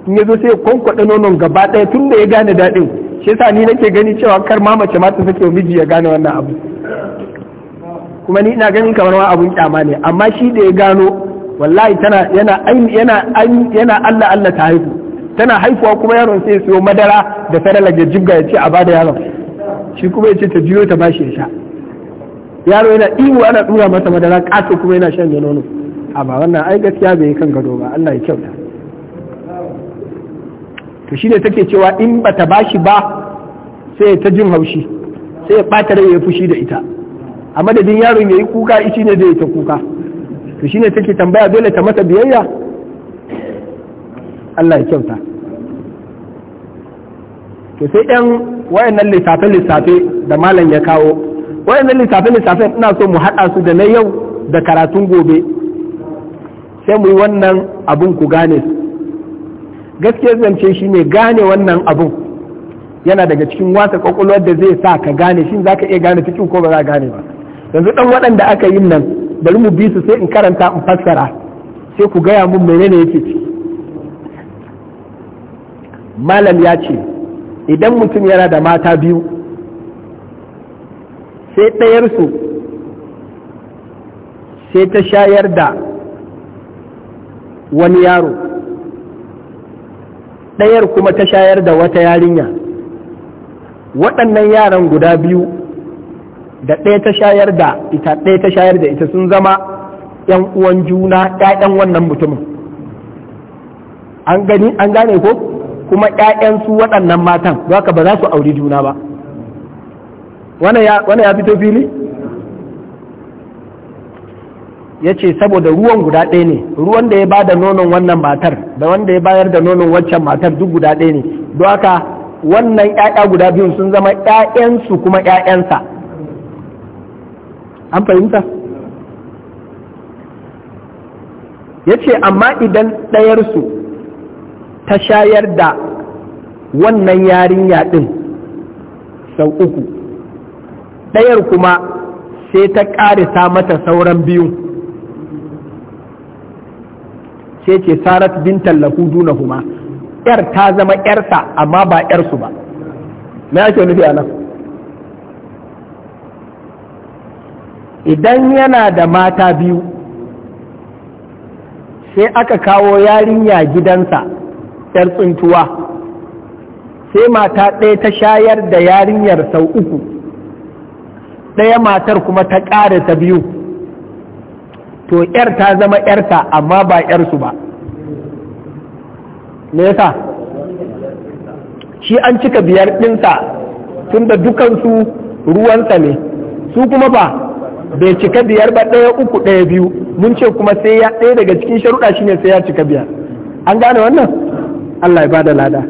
in ya zo sai ya kwankwaɗa nonon gaba ɗaya tun da ya gane daɗin shi yasa ni nake gani cewa kar ma mace ma ta miji ya gane wannan abu kuma ni ina ganin kamar ma abun kyama ne amma shi da ya gano wallahi tana yana yana Allah Allah ta haihu tana haifuwa kuma yaron sai ya siyo madara da sarala ya jibga ya ce a bada yaron shi kuma ya ce ta jiyo ta bashi ya sha yaro yana ihu ana dura masa madara ƙato kuma yana shan nono amma ba wannan ai gaskiya bai yi kan gado ba Allah ya kyauta to shine take cewa in bata bashi ba sai ta jin haushi sai ya bata rai ya fushi da ita a madadin yaron ya yi kuka ishi ne zai ta kuka to shine take tambaya dole ta mata biyayya Allah ya kyauta to sai ɗan wayannan lissafe-lissafe da malam ya kawo wayannan lissafe-lissafe ina so mu haɗa su da na yau da karatun gobe sai mu yi wannan abun ku gane su gaskiyar zance shi ne gane wannan abun yana daga cikin wasa kwakwalwar da zai sa ka gane shi za ka iya gane cikin ko ba za gane ba yanzu dan waɗanda aka yi nan bari mu bi su sai in karanta in fassara sai ku gaya mun menene yake ciki malam ya ce idan mutum yana da mata biyu sai ɗayarsu sai ta shayar da wani yaro ɗayar kuma ta shayar da wata yarinya waɗannan yaran guda biyu da ɗaya ta shayar da ita ɗaya ta shayar da ita sun zama ‘yan uwan juna ‘ya'yan wannan mutumin an gani an gane ko kuma ‘ya'yan su waɗannan matan ba ba za su auri juna ba wannan ya fito fili? ya ce saboda ruwan guda ɗaya ne ruwan da ya ba da nonon wannan matar da wanda ya bayar da nonon waccan matar duk guda ɗaya ne don haka wannan ƴaƴa guda biyun sun zama ƴaƴansu kuma ƴaƴansa an fahimta ya ce amma idan ɗayarsu ta shayar da wannan yarinya ɗin sau uku ɗayar kuma sai ta ƙarisa mata sauran biyun sai ce sarat tallafu duna kuma yar ta zama yarsa amma ba yarsu ba me ake nufi a nan idan yana da mata biyu sai aka kawo yarinya gidansa yar tsuntuwa sai mata ɗaya ta shayar da yarinyar sau uku ɗaya matar kuma ta ƙara ta biyu to yar ta zama yarta amma ba yarsu ba me yasa shi an cika biyar ɗinsa tunda dukansu ruwansa ne su kuma ba bai cika biyar ba ɗaya uku ɗaya biyu mun ce kuma sai ya ɗaya daga cikin sharuɗa shine sai ya cika biyar an gane wannan Allah ya bada lada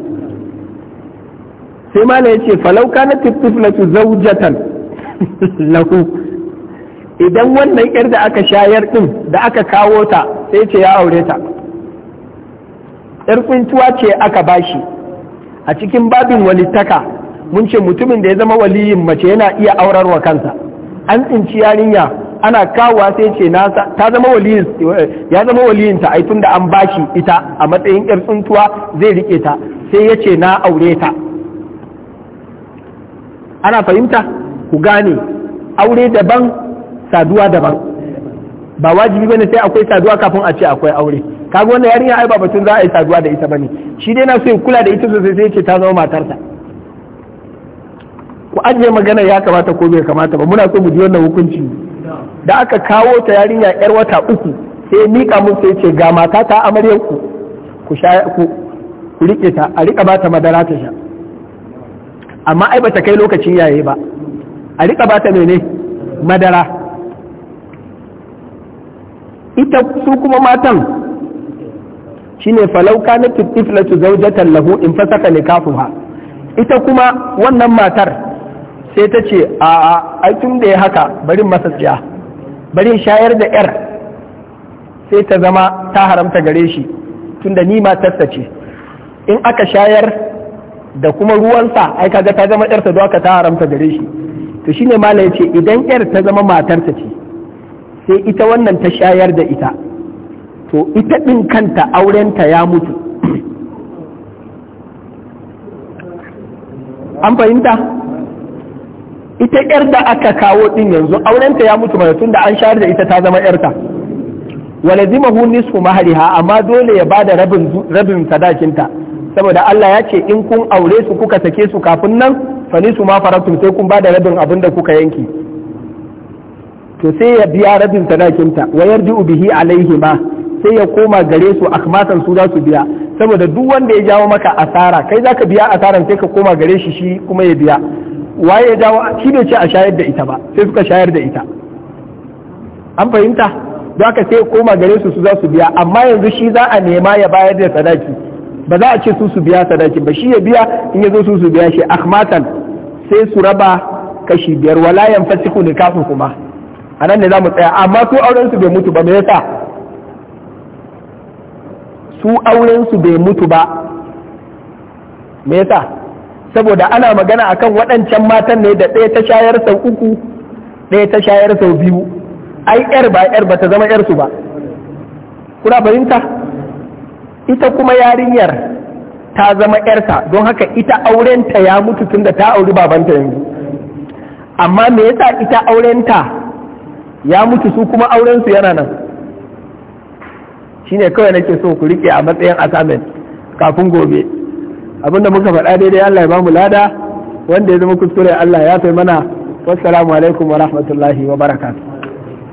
sai mala ya ce falau kana tiflatu zaujatan lahu idan wannan yar da aka shayar ɗin da aka kawo ta sai ce ya aure ta yar tsintuwa ce aka bashi a cikin babin walittaka mun ce mutumin da ya zama waliyin mace yana iya aurarwa kansa an tsinci yarinya ana kawowa sai ce ta zama waliyin ya zama waliyin ta aitun da an bashi ita a matsayin yar tsintuwa zai rike ta sai ya ce na aure ta ana fahimta ku gane aure daban saduwa daban ba wajibi bane sai akwai saduwa kafin a ce akwai aure kaga wannan yarinya ai ba batun za a yi saduwa da ita bane shi dai na so ya kula da ita sosai sai yace ce ta zama matarsa ku ajiye magana ya kamata ko bai kamata ba muna so mu ji wannan hukunci da aka kawo ta yarinya yar wata uku sai ya mika mun sai ce ga mata ta amaryar ku ku sha ku ku rike ta a rika bata madara ta sha amma ai bata kai lokacin yaye ba a rika bata mene madara ita su kuma matan shine falauka kana tiflatu zaujatan lahu in fasaka ha? ita kuma wannan matar sai ta ce a a tun da ya haka barin masasya barin shayar da yar sai ta zama ta haramta gare shi tunda ni matarsa ce in aka shayar da kuma ruwansa ai kaga ta zama yarsa don aka ta haramta gare shi to shine mala ce idan yar ta zama matarsa ce sai ita wannan ta shayar da ita to ita ɗin kanta aurenta ya mutu an fahimta ita yar da aka kawo ɗin yanzu aurenta ya mutu tun da an shayar da ita ta zama yarta walazimahu nisfu mahariha amma dole ya bada rabin rabin sadakinta saboda Allah ya ce in kun aure su kuka sake su kafin nan fa su ma faratum sai kun da rabin abin da kuka yanki to sai ya biya rabin sadakinta wa yarji bihi alaihi ma sai ya koma gare su akmatan su za su biya saboda duk wanda ya jawo maka asara kai zaka biya asaran sai ka koma gare shi shi kuma ya biya waye ya jawo shi bai ce a shayar da ita ba sai suka shayar da ita an fahimta don haka sai koma gare su su za su biya amma yanzu shi za a nema ya bayar da sadaki ba za a ce su su biya sadaki ba shi ya biya in ya zo su su biya shi kamatan sai su raba kashi biyar wala ni kafin kuma a nan ne za mu tsaya amma su auren su bai mutu ba me yasa su auren su bai mutu ba me yasa saboda ana magana akan waɗancan matan ne da ɗaya ta shayar sau uku ɗaya ta shayar sau biyu ai yar ba yar ba ta zama yar su ba kuna fahimta ita kuma yarinyar ta zama yarsa don haka ita aurenta ya mutu tunda ta auri babanta yanzu amma me yasa ita aurenta ya mutu su kuma aurensu yana nan shine kawai nake so ku rike a matsayin assignment kafin gobe abinda muka faɗa daidai Allah ya bamu lada wanda ya zama kuskure Allah ya kai mana wassalamu alaikum wa rahmatullahi wa barakatuh